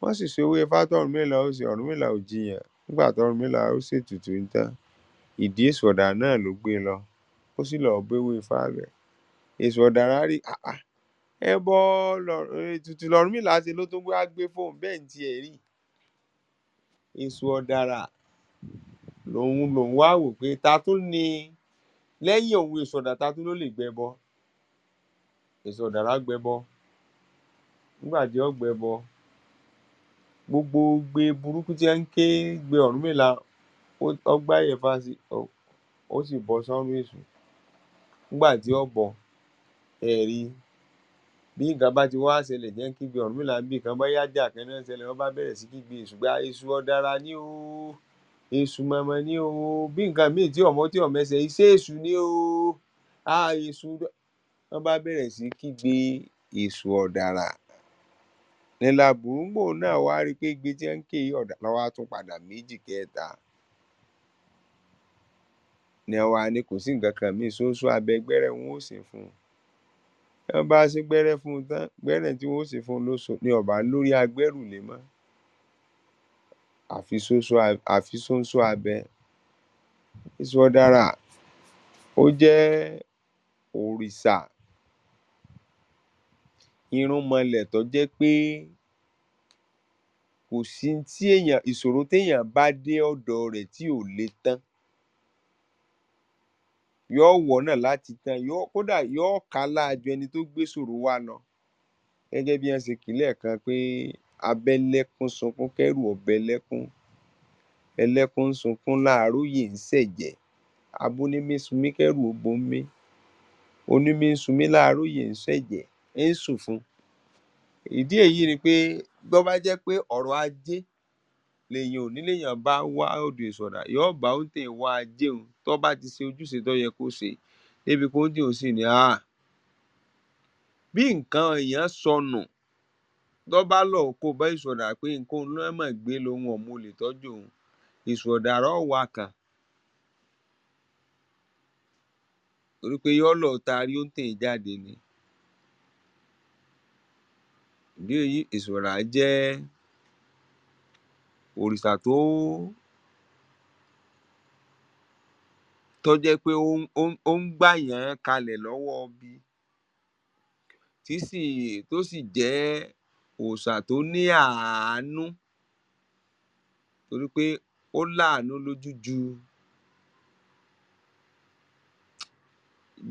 Wọ́n sì ṣòwe ifá tọ́rúnmìlà ó ṣe, Ọ̀rúnmìlà ò jiyàn nígbà tọ́rúnmìlà ó ṣètùtù un tán, ìdí èṣù ọ̀dà náà ló gbé lọ, ó sì lọ bẹ́wé ifá rẹ̀. Èṣù ọ̀dàrà rí i ẹbọ ètùtù lọ̀rúnmìlà ṣe ló tó wáá gbé fóun bẹ́ẹ̀ ní tiẹ̀ rí èṣù ọ̀dàrà lòun lòun wá wò pé ta tún ni lẹ́yìn òun èṣù ọ̀dàrà ta ló lè gbẹbọ èṣù ọ̀dàrà gbẹbọ nígbà tí ó gbẹbọ gbogbo gbe burúkú tí ń ké gbe Ọ̀rúnmìlà ọgbà ìyẹ̀fà sí ó sì bọ́ sọ́rùn èṣù nígbà tí ó bọ́ ẹ̀rí bí nǹkan bá ti wá ṣẹlẹ jẹ ń kígbe ọrúnmìlà níbì kan bóyá ìjà kan náà ṣẹlẹ bá bẹ̀rẹ̀ sí kígbe èṣù gba èṣù ní o èṣù mọmọ ní o bí nǹkan míì tí ọmọ tí ọmọ ẹsẹ iṣẹ èṣù ní o a èṣù wọn bá bẹrẹ sí kígbe èṣù ọdàrà nílà bùrúngbò náà wá rí pé igbe tí ń ké á tún bí wọn bá ṣe gbẹrẹ fún un tán gbẹrẹ tí wọn ó ṣe fún un ló sọ ni ọba lórí agbẹrù lé mọ àfi ṣoṣo àfi ṣóńṣó abẹ ìsọdára ó jẹ òrìṣà irúnmọlẹ̀ tó jẹ pé kò sí tí èèyàn ìṣòro téèyàn bá dé ọ̀dọ̀ rẹ̀ tí ò le tán yóò wọ náà láti tán yóò kódà yóò ká ju ẹni tó gbé sòrò wá lọ gẹ́gẹ́ bí wọn ṣe pé sunkún kẹrù ọbẹlẹkún ẹlẹkùn ń sunkún láàárọyè ń ṣẹjẹ kẹrù òbó ń ń ìdí èyí ni pé lèèyàn ò ní léèyàn bá wá odò ìsọdà yóò bá oúnjẹ wá jẹun tó bá ti ṣe ojúṣe tó yẹ kó ṣe débi pé oúnjẹ ò sì ní à bí nǹkan èèyàn sọnù tó bá lọ kó bá ìsọdà pé nǹkan òun náà mọ gbé lòun ọmọ olè tọjú òun ìsọdà rọ wà kàn torí pé yóò lọ taari oúnjẹ jáde ni ìdí èyí ìsọdà jẹ òrìṣà tó tó jẹ́ pé ó ń gbàyàn kalẹ̀ lọ́wọ́ ibi tó sì jẹ́ òòṣà tó ní àánú torí pé ó láàánú lójú ju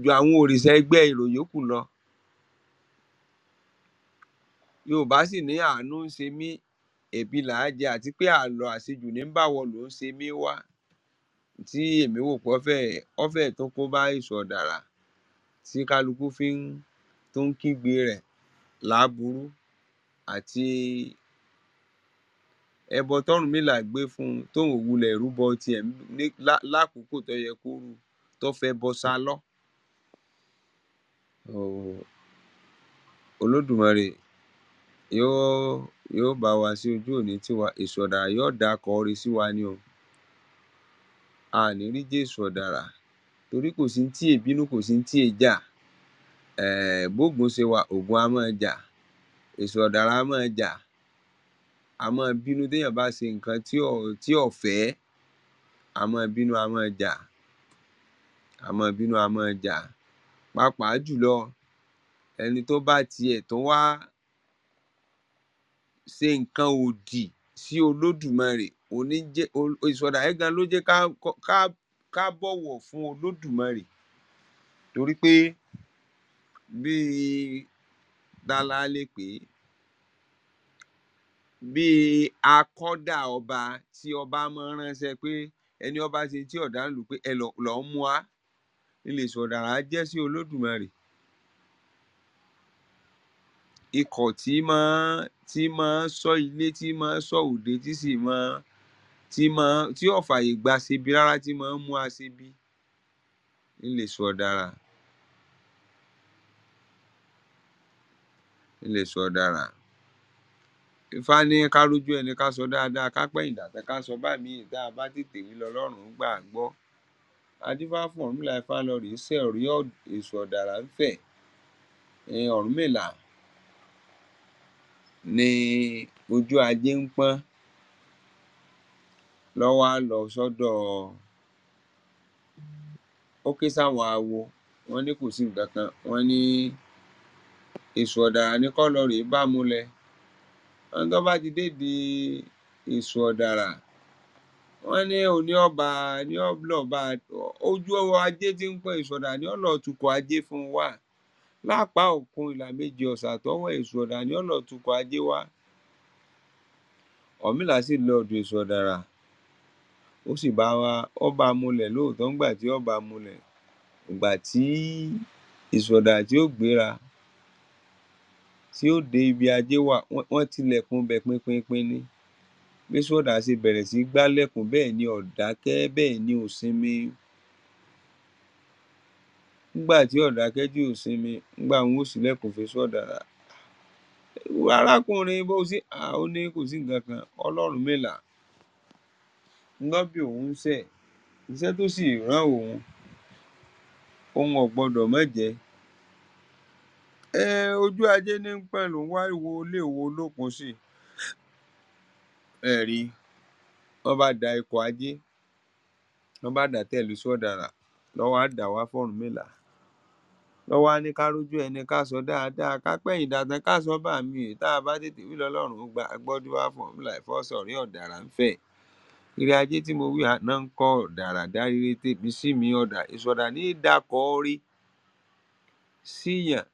ju àwọn òrìṣà ẹgbẹ́ èrò yòókù lọ. Yorùbá sì ní àánú ń ṣe mí ẹbí là á jẹ àti pé àlọ àṣejù ní báwo ló ń ṣe mí wá tí èmi wò pé ó fẹ́ ó fẹ́ tó kó bá èso ọ̀dàrà tí kálukú fi ń tó ń kígbe rẹ̀ láburú àti ẹbọ tọ́rùn mìlà gbé fún un tóun ò wulẹ̀ rúbọ tiẹ̀ lákòókò tó yẹ kó rú tó fẹbọ ṣalọ́ olódùmarè yóò yóò bá wa sí ojú ò ní tì yóò dá akọ sí wa ni o a à ní rí ìjà èṣù ọ̀dàrà torí kò sí ní tí èé bínú kò sí ní tí èé jà um bóògùn ṣe wà ògùn á máa jà èṣù ọ̀dàrà á máa jà á máa bínú téèyàn bá ṣe nǹkan tí ò fẹ́ á máa bínú á máa jà á máa bínú á máa jà pàápàá jùlọ ẹni tó bá tiẹ̀ tún wá ṣe nǹkan òdì sí olódùmarè òní jẹ ìsọdà yẹn gan ló jẹ ká ká ká bọwọ fún olódùmarè torí pé bíi ta la lè pè é bíi akọ́dà ọba tí ọba máa ń ránṣẹ́ pé ẹni ọba ṣe tí ọ̀dà ń lù pé ẹ lọ́ọ́ mú wá ilé ìsọdàrà jẹ́ sí olódùmarè ikọ̀ tí máa tí máa ń sọ ilé tí máa ń sọ òde tí sì máa tí máa tí ò fààyè gba aṣebi rárá tí máa ń mú aṣebi ńlèṣù ọdaràn ńlèṣù ọdaràn ifá ní ká rójú ẹni ká sọ dáadáa ká pẹ̀yìn dàtẹ ká sọ bá míì tá bá tètè wí lọlọ́run gbà gbọ́ a fún ọ̀rúnmìlà ifá lọ rèé sẹ̀rí èṣù ọ̀dàrà ń fẹ̀ ọ̀rúnmìlà ni ojú ajé ń pọ́n lọ sọ́dọ̀ ó ké sáwọn awo wọ́n ní kò sí nǹkan kan wọ́n ní ni kọ́ rèé bá wọ́n tó bá ti dédìí èṣù wọ́n ní òní ọba ní ojú ajé ti ń pọ́n ní ajé fún lápá òkun ìlà méjì ọ̀sà tọwọ́ èṣù ọ̀dà ní ọ̀nà tukọ̀ ajé wá ọ̀mìlà sì lọ ọ̀dọ̀ èṣù ọ̀dàrà ó sì bá wa ó bá a mulẹ̀ lóòótọ́ ńgbà tí ó bá a mulẹ̀ ìgbà tí èṣù ọ̀dàrà tí ó gbéra tí ó dé ibi ajé wà wọ́n tilẹ̀kùn ibẹ̀ pinpinpin ni bí èṣù ṣe bẹ̀rẹ̀ sí í gbálẹ̀kùn ni ò dákẹ́ ni ò Nígbà tí ọ̀dákẹ́jì ò sinmi, nígbà wọn ó sì ṣílẹ̀kùn fèsù ọ̀dàrà. Arákùnrin bó À ó ní kò sí nǹkan kan, Ọlọ́runmìlà ló bí òun ṣẹ̀, iṣẹ́ tó sì rán òun, òun ò gbọdọ̀ má jẹ́. Ojú ajé ní ń pọ́n lòun wá wo ilé wo ló sí. Ẹ wọ́n bá da ikọ̀ ajé, wọ́n bá dà á tẹ̀lé lọ́wọ́ ọ̀dàrà, lọ́ wá ló wàá ní ká rojú ẹni ká sọ dáadáa ká pẹyìn dandan ká sọ bàmíì tá a bá tètè wí lọlọrun ó gbà á gbọdú wá fọọmù láìfọ sọrí ọdàrà ń fẹ ire ajé tí mo wí àná ń kọ ọdàrà dáríre tèmi sí mi ọdà ìsọdà ní ìdàkọ orí síyàn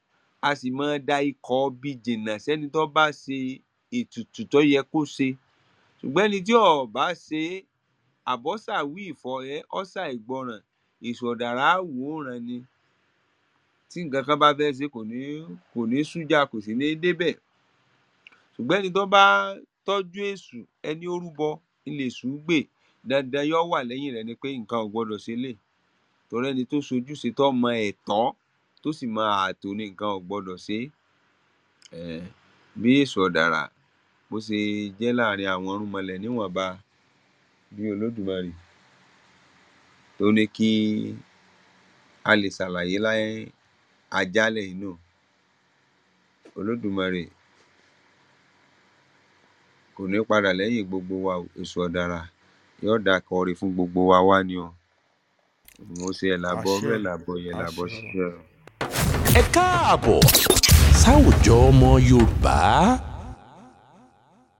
a sì máa da ikọ bí jìnnà sẹni tó bá ṣe ètùtù tó yẹ kó ṣe ṣùgbọ́n ẹni tí ò bá ṣe àbọ́sà wí ìfọ̀ ẹ ọ́sà ìgbọràn ìsọdàrà àwòrán ni tí nǹkan kan bá fẹ́ ṣe kò ní kò ní sújà kò sì ní débẹ̀ ṣùgbọ́n ẹni tó bá tọ́jú èṣù ẹni ó rúbọ ilé èṣù gbè dandan yóò wà lẹ́yìn rẹ̀ ni pé nǹkan ò gbọdọ̀ ṣe lè torí ẹni tó ṣojúṣe tó mọ ẹ̀tọ́ tó sì mọ ààtò ni nǹkan ò gbọdọ̀ ṣe um bí èṣù ọ̀dàrà bó ṣe jẹ́ láàrin àwọn irúnmọlẹ̀ níwọ̀nba bí Olódùmarè tó ní kí a lè ṣàlàyé Ajáalẹ̀ yìí náà, Olódùmarè kò ní padà lẹ́yìn gbogbo wa o, èṣù ọ̀dàrà yóò dákọ ire fún gbogbo wa wá ni o. Ìmọ̀ọ́ṣe làbọ ọwọ́ ẹ̀ làbọ iyè làbọ ṣiṣẹ́ o. Ẹ káàbọ̀ sáwùjọ ọmọ Yorùbá.